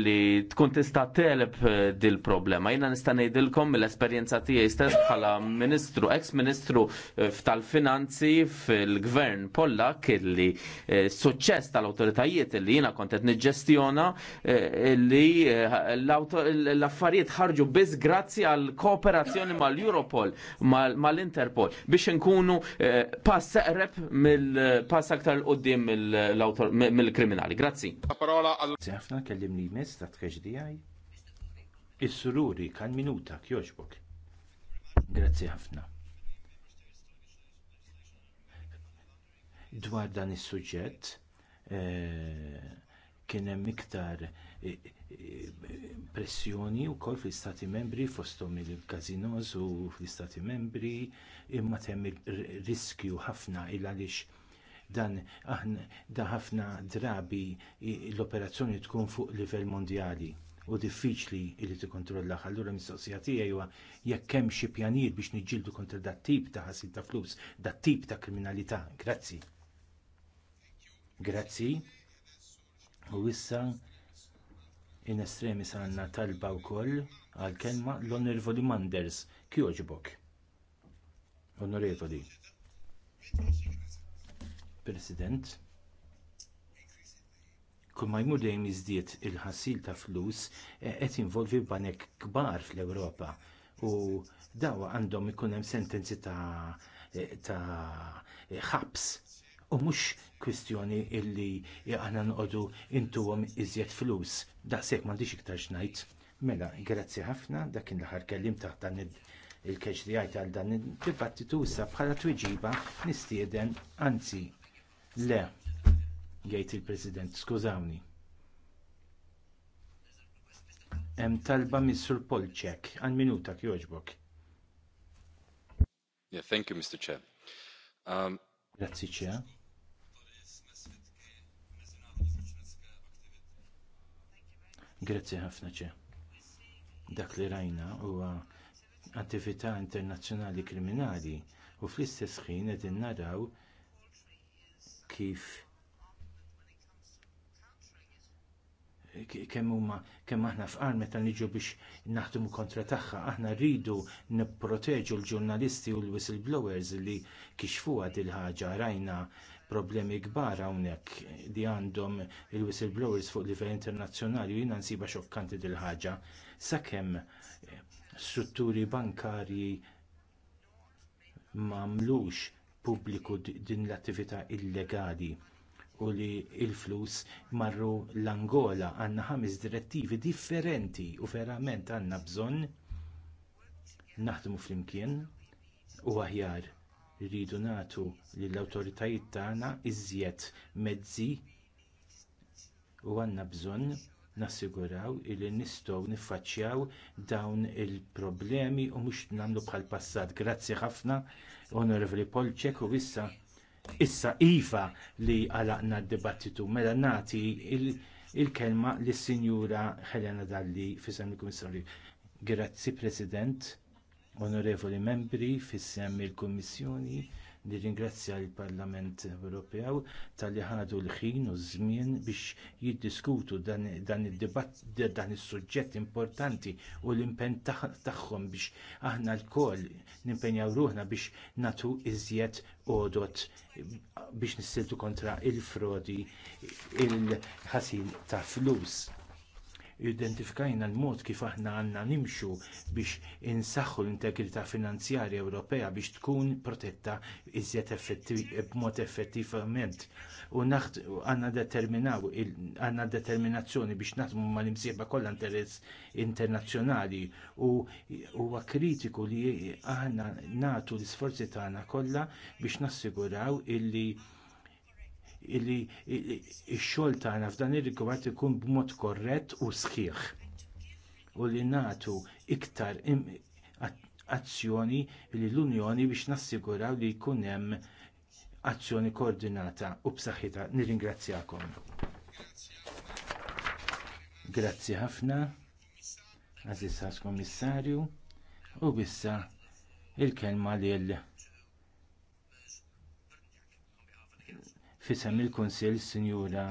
li tkun tista' teleb din il-problema. Jina nista' ngħidilkom mill-esperjenza tiegħi stess bħala ministru, ex-ministru eh, tal-finanzi fil-gvern Pollak illi eh, suċċess tal-awtoritajiet illi jiena kont qed niġġestjona eh, illi l-affarijiet ħarġu biss grazzi għal kooperazzjoni mal-Europol, mal-Interpol biex inkunu pass seqreb mill-pass aktar l mill-kriminali. Grazzi. La parola għal. Sefna kellimni mis ta' tkeġdijaj. Is-sururi kan minuta kjoġbok. Grazzi ħafna. Dwar dan is-suġġett eh, kien hemm iktar eh, eh, pressjoni wkoll fl-Istati membri fosthom il-kazinos u fl-Istati membri imma temm riskju ħafna il għaliex dan aħna da ħafna drabi l-operazzjoni tkun fuq livell mondjali u diffiċli li tikkontrollaha. Allura mistoqsija tiegħi huwa jekk hemm xi pjanijiet biex niġġieldu kontra dat tip ta' ħasil ta' flus, dat tip ta' kriminalità. Grazzi. Grazzi. U issa in estremi sanna talba wkoll għall kelma l-Onorevoli Manders. Kjoġbok. Onorevoli. President kull ma jmur dejjem iżdied il-ħassil ta' flus eh, qed involvi banek kbar fl-Ewropa u dawa għandhom ikun hemm sentenzi ta' eh, eh, ħabs u mhux kwistjoni illi aħna nqogħdu intuhom iżjed flus. Daqshekk m'għandix iktar x'ngħid. Mela, grazzi ħafna dakin l-aħħar kellim taħt dan il-keċ li għal dan id-dibattitu issa bħala tweġiba nistieden anzi le jgħid il-President, skużawni. Hemm talba mis-Sur Polċek għal minutak jogħġbok. Yeah, thank you, Mr. Chair. Um... Grazzi Chair. Grazie, ħafna Chair. Dak li rajna huwa attività internazzjonali kriminali u fl-istess ħin qegħdin naraw kif kemm huma kemm aħna f'qar meta niġu biex naħdmu kontra tagħha, aħna rridu nipproteġu l-ġurnalisti u l-whistleblowers li kixfuha il ħaġa rajna problemi kbar hawnhekk li għandhom il-whistleblowers fuq livell internazzjonali u jiena nsiba xokkanti dil ħaġa sakemm eh, strutturi bankarji m'għamlux pubbliku din l-attività illegali u li l flus marru l-Angola għandna ħames direttivi differenti u verament għandna bżonn naħdmu flimkien u aħjar rridu nagħtu lill awtoritajiet tagħna iżjed mezzi u għandna bżonn nassiguraw li nistgħu niffaċċjaw dawn il-problemi u mhux nagħmlu bħal passat. Grazzi ħafna, Onorevoli Polċek, u issa issa iva li għalaqna d-dibattitu mela nati il-kelma il lis sinjura Helena Dalli fissem il-Kummissarju. Grazzi President, onorevoli membri fissem il-Kummissjoni nirringrazzja l-Parlament Ewropew tal-li ħadu l-ħin u żmien biex jiddiskutu dan is-suġġett importanti u l-impenn tagħhom biex aħna lkoll nimpenjaw ruħna biex nagħtu iżjed għodot biex nissiltu kontra il-frodi il-ħasil ta' flus identifikajna l-mod kif aħna għandna nimxu biex insaħħu l-integrità finanzjarja Ewropea biex tkun protetta iżjed b'mod effettivament. U għandna determinaw, għanna determinazzjoni biex naħdmu mal l-imsieba kollha interess internazzjonali u huwa kritiku li aħna nagħtu l-isforzi tagħna kollha biex nassiguraw illi illi x-xogħol tagħna f'dan ir-rigward ikun b'mod korrett u sħiħ u li nagħtu iktar azzjoni li l-Unjoni biex nassiguraw li jkun hemm azzjoni koordinata u b'saħħitha nirringrazzjakom. Grazzi ħafna, Aziz Kommissarju, u bissa il-kelma lil fisem il-Konsil Sinjura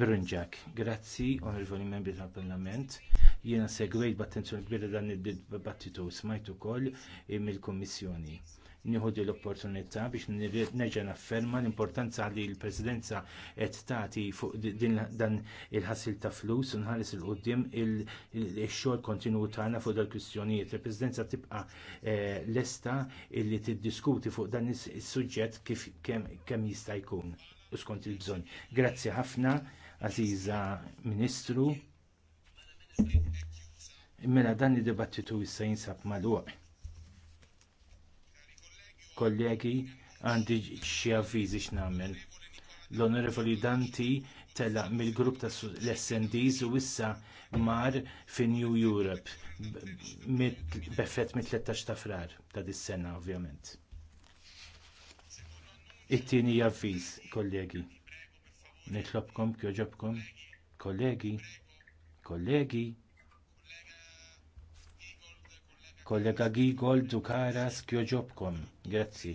Brunġak. Grazzi, onorevoli membri tal-Parlament. Jiena segwejt b'attenzjoni kbira dan id-dibattitu smajt ukoll mill-Kummissjoni. Nieħu l-opportunità biex nerġa' nafferma l-importanza li l-Presidenza qed tagħti fuq dan il-ħassil ta' flus u nħares il qudiem ix-xogħol kontinwu tagħna fuq dal-kwistjonijiet. Il-Presidenza tibqa' eh, lesta li tiddiskuti fuq dan is-suġġett kif kemm jista' jkun u skont il-bżonn. Grazzi ħafna, Aziza Ministru. Mela dan id-dibattitu issa jinsab magħluq. Kollegi, għandi xi avviżi x'nagħmel. L-Onorevoli Danti tella mill-grupp ta' l-SNDs u issa mar fi New Europe b'effett mit-13 ta' frar ta' dis-sena ovvjament it-tieni avviż, kollegi. Nitlobkom kjoġobkom, kollegi, kollegi. Kollega Gigol Dukaras kjoġobkom, grazzi.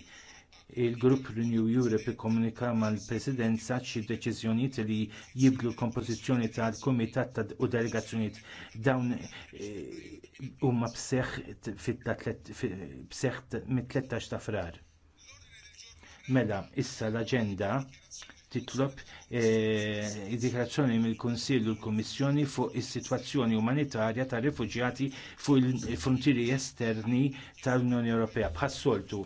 Il-grupp Renew Europe ikkomunika mal-Presidenza xi deċiżjonijiet li jibdlu l-kompożizzjoni tal-Kumitat u Delegazzjonijiet dawn eh, huma bseħħ mit-13 ta' frar Mela, issa l-agenda titlob eh, id dikrazzjoni mill-Kunsill u l-Kummissjoni fuq is-sitwazzjoni umanitarja tar rifuġjati fuq il-frontieri esterni tal-Unjoni Ewropea. Bħassoltu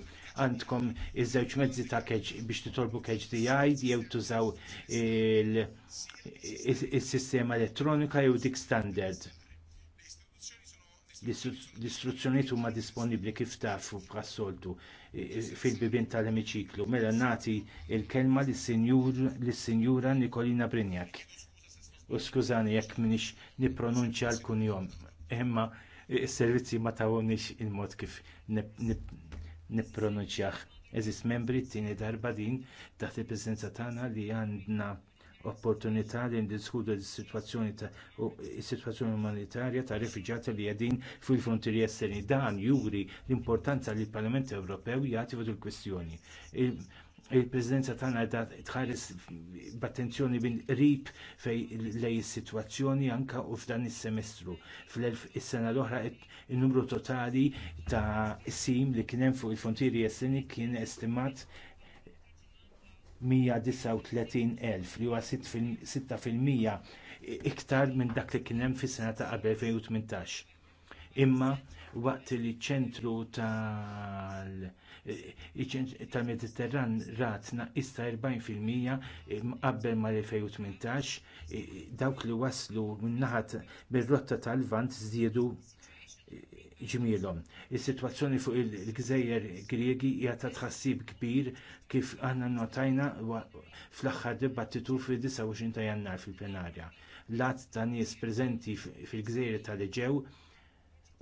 għandkom iż-żewġ mezzi ta' keġ biex titolbu keġ di jew tużaw il-sistema elettronika jew dik standard l-istruzzjoniet huma disponibbli kif taf-soltu fil-bibien tal-emiċiklu. Mela nati l kelma lis-Sinjura Nikolina Brinjak. U skużani jekk minix nippronunċja l-kunjom. Imma s-servizzi ma tawonix il-mod kif nippronunċjah. Eżis membri t-tini darba din taħt il-prezenza tagħna li għandna opportunità li ndiskutu s-sitwazzjoni is-sitwazzjoni umanitarja ta' rifuġjati li qegħdin fil-frontieri esterni. Dan juri l-importanza li l-Parlament Ewropew jagħti fuq il-kwestjoni. Il-Presidenza tagħna qiegħda tħares b'attenzjoni bin qrib fejn lej is-sitwazzjoni anke u f'dan is-semestru. Fl-sena l-oħra in numru totali ta' sim li kien hemm fuq il-frontieri esterni kien estimat 139,000 li huwa 6% iktar minn dak li kien hemm fis-sena ta' qabel 2018. Imma waqt li ċentru tal-Mediterran rat naqis ta' 40% qabel ma' 2018 dawk li waslu min-naħat bir-rotta tal-Vant żdiedu ġimilom. Is-sitwazzjoni fuq il-Gżejjer Griegi hija ta' tħassib kbir kif aħna notajna fl-aħħar dibattitu fil-29 ta' Jannar fil-plenarja. Lat ta' nies preżenti fil-Gżejjer tal ġew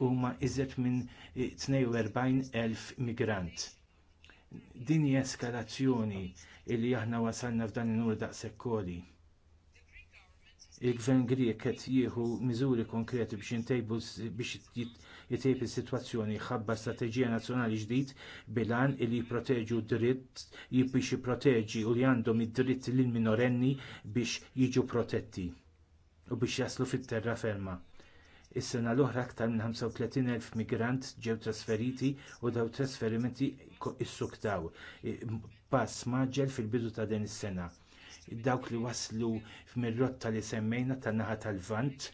huma iżet minn 42,000 migrant. Din hija eskalazzjoni li aħna wasalna f'dan in-nur daqshekk koli il-gvern Grieg qed jieħu miżuri konkreti biex jintejbu biex jitib is-sitwazzjoni ħabba strateġija nazzjonali ġdid bilan li jipproteġu dritt jibbix jipproteġi u li għandhom id-dritt l minorenni biex jiġu protetti u biex jaslu fit-terra ferma. Is-sena l-oħra aktar minn 35,000 migrant ġew trasferiti u daw trasferimenti issuktaw. Pass maġġel fil-bidu ta' din is-sena. Dawk li waslu f'mirrotta li semmejna tan-naħa tal-vant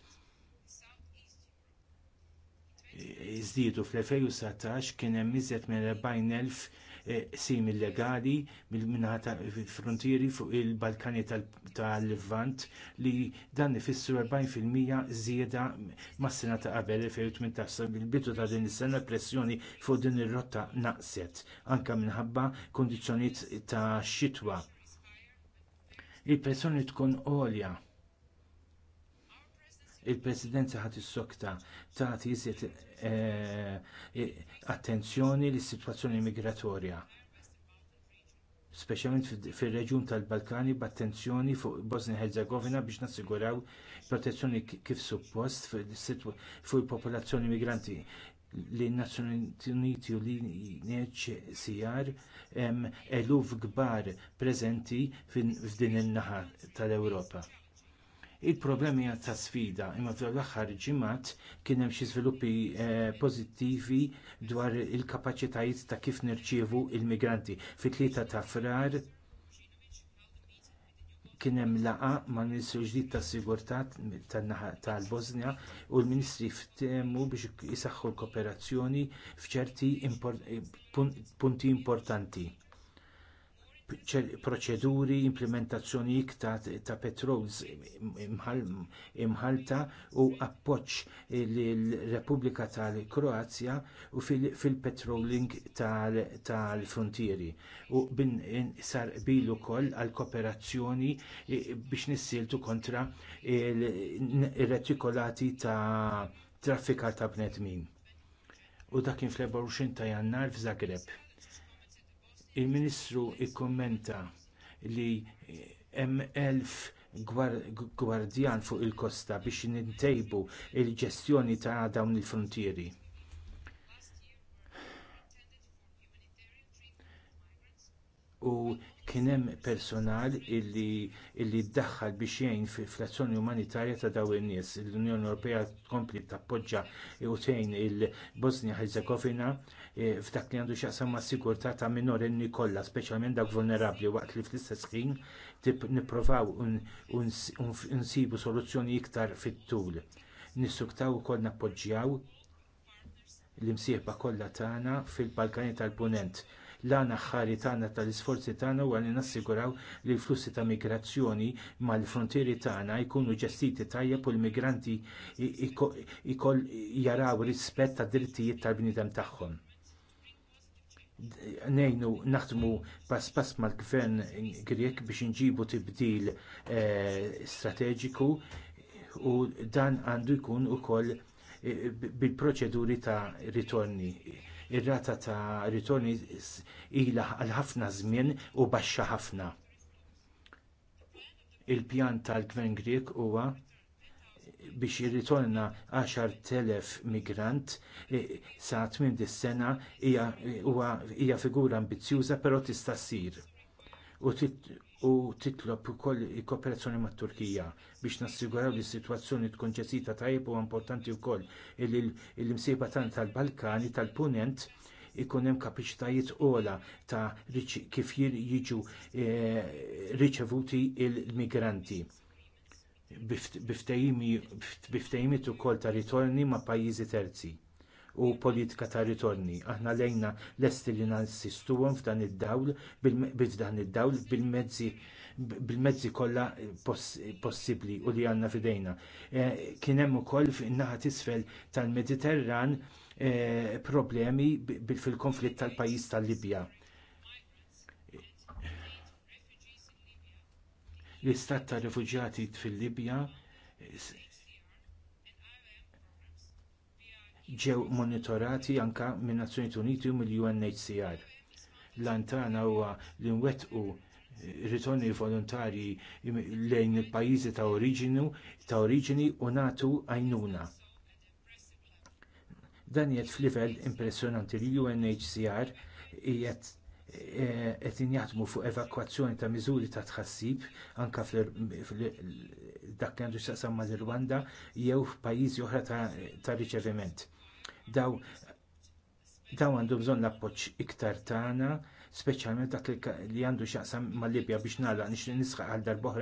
iżdiedu fl-2019 kien hemm iżjed minn 40,000 eh, sim illegali mill-minata frontieri fuq il-Balkani tal-Levant li dan ifissru 40% żieda mas-sena ta' qabel 2018. Bil-bidu ta' din is-sena pressjoni fuq din ir-rotta naqset anke minħabba kundizzjonijiet ta' xitwa. Il-pressjoni tkun għolja il-Presidenza ħat is-sokta tagħti jiżiet eh, attenzjoni lis sitwazzjoni migratorja speċjalment fir-reġjun tal-Balkani b'attenzjoni fuq Bosnia Herzegovina biex nassiguraw protezzjoni kif suppost fuq il-popolazzjoni migranti li n-Nazzjoni Uniti u li NHCR eluf kbar preżenti f'din in-naħa tal-Ewropa. Il-problemi għat ta' sfida, imma fl aħħar ġimgħat kien hemm xi żviluppi eh, pożittivi dwar il-kapaċitajiet ta' kif nirċievu il-migranti. Fit-tlieta ta' frar kien hemm laqgħa mal-Ministru ġdid tas-Sigurtà tal-Bosnja u l-Ministri ftehmu biex isaħħu l-kooperazzjoni f'ċerti eh, punti importanti proċeduri, implementazzjoni ta', ta petrols imħalta u appoġġ l-Repubblika tal-Kroazja u fil-petrolling tal-frontieri. U bin sar bilu kol għal-kooperazzjoni biex nissiltu kontra il-retikolati ta' traffika ta' bnedmin. U dak kien fl-24 ta' jannar f'Zagreb Il-Ministru ikkommenta li eh, hemm elf gwardjan fuq il-kosta biex nintejbu l ġestjoni ta' dawn il-frontieri. U kien hemm personal illi, illi ddaħħal biex jgħin fl-azzjoni umanitarja ta' dawn in-nies. L-Unjoni Ewropea tkompli tappoġġa u tgħin il-Bosnia Herzegovina E, f'dak li għandu xaqsam ma' sigurtà ta' minorenni kollha, specialment dak vulnerabbli waqt li fl-istess ħin nippruvaw nsibu soluzzjoni iktar fit-tul. Nissuktaw ukoll nappoġġjaw l-imsieħba kollha tagħna fil-Balkani tal-Punent l-għana ħari tagħna tal-isforzi tagħna u għalli nassiguraw li l-flussi ta' migrazzjoni mal-frontieri tagħna jkunu ġestiti tajjeb u l-migranti jaraw rispett tad drittijiet tal-bnidem tagħhom nejnu naħdmu pass pass mal-gvern Grek biex inġibu tibdil eh, strateġiku u dan għandu jkun ukoll eh, bil-proċeduri ta' ritorni. Ir-rata ta' ritorni ilha għal ħafna żmien u baxxa ħafna. Il-pjan tal-gvern Grek huwa biex jirritorna 10.000 migrant e, sa' tmiem dis-sena hija figura ambizzjuża però tista' ssir. U titlob ukoll kooperazzjoni mat Turkija biex nassiguraw li s-sitwazzjoni tkun ġesita tajb u importanti wkoll il-imsieba tal-Balkani tal-Punent ikun hemm kapaċitajiet ogħla ta' kif jiġu e, riċevuti l migranti biftejmit ukoll ta' ritorni ma' pajjiżi terzi u politika ta' ritorni. Aħna lejna lesti li nassistuhom f'dan id-dawl bil-dan id-dawl bil-mezzi bil-mezzi kollha possibbli u li għandna f'idejna. E, kien hemm ukoll fin isfel tal-Mediterran e, problemi fil-konflitt tal-pajjiż tal-Libja. l-istat ta' rifuġjati fil-Libja ġew monitorati anke min Nazzjonijiet Uniti u mill-UNHCR. L-Antana huwa li nwettqu ritorni volontarji lejn il-pajjiżi ta' oriġinu ta' oriġini u nagħtu għajnuna. Dan jgħid f'livell impressjonanti li UNHCR jgħid qed jaħdmu fuq evakwazzjoni ta' miżuri ta' tħassib anke dak li għandu x'taqsam ma' Rwanda jew f'pajjiżi oħra ta' riċeviment. Daw daw għandu bżonn l-appoġġ iktar tagħna, speċjalment dak li għandu x'aqsam mal-Libja biex nagħlaq nixtieq nisħaq għal darb'oħra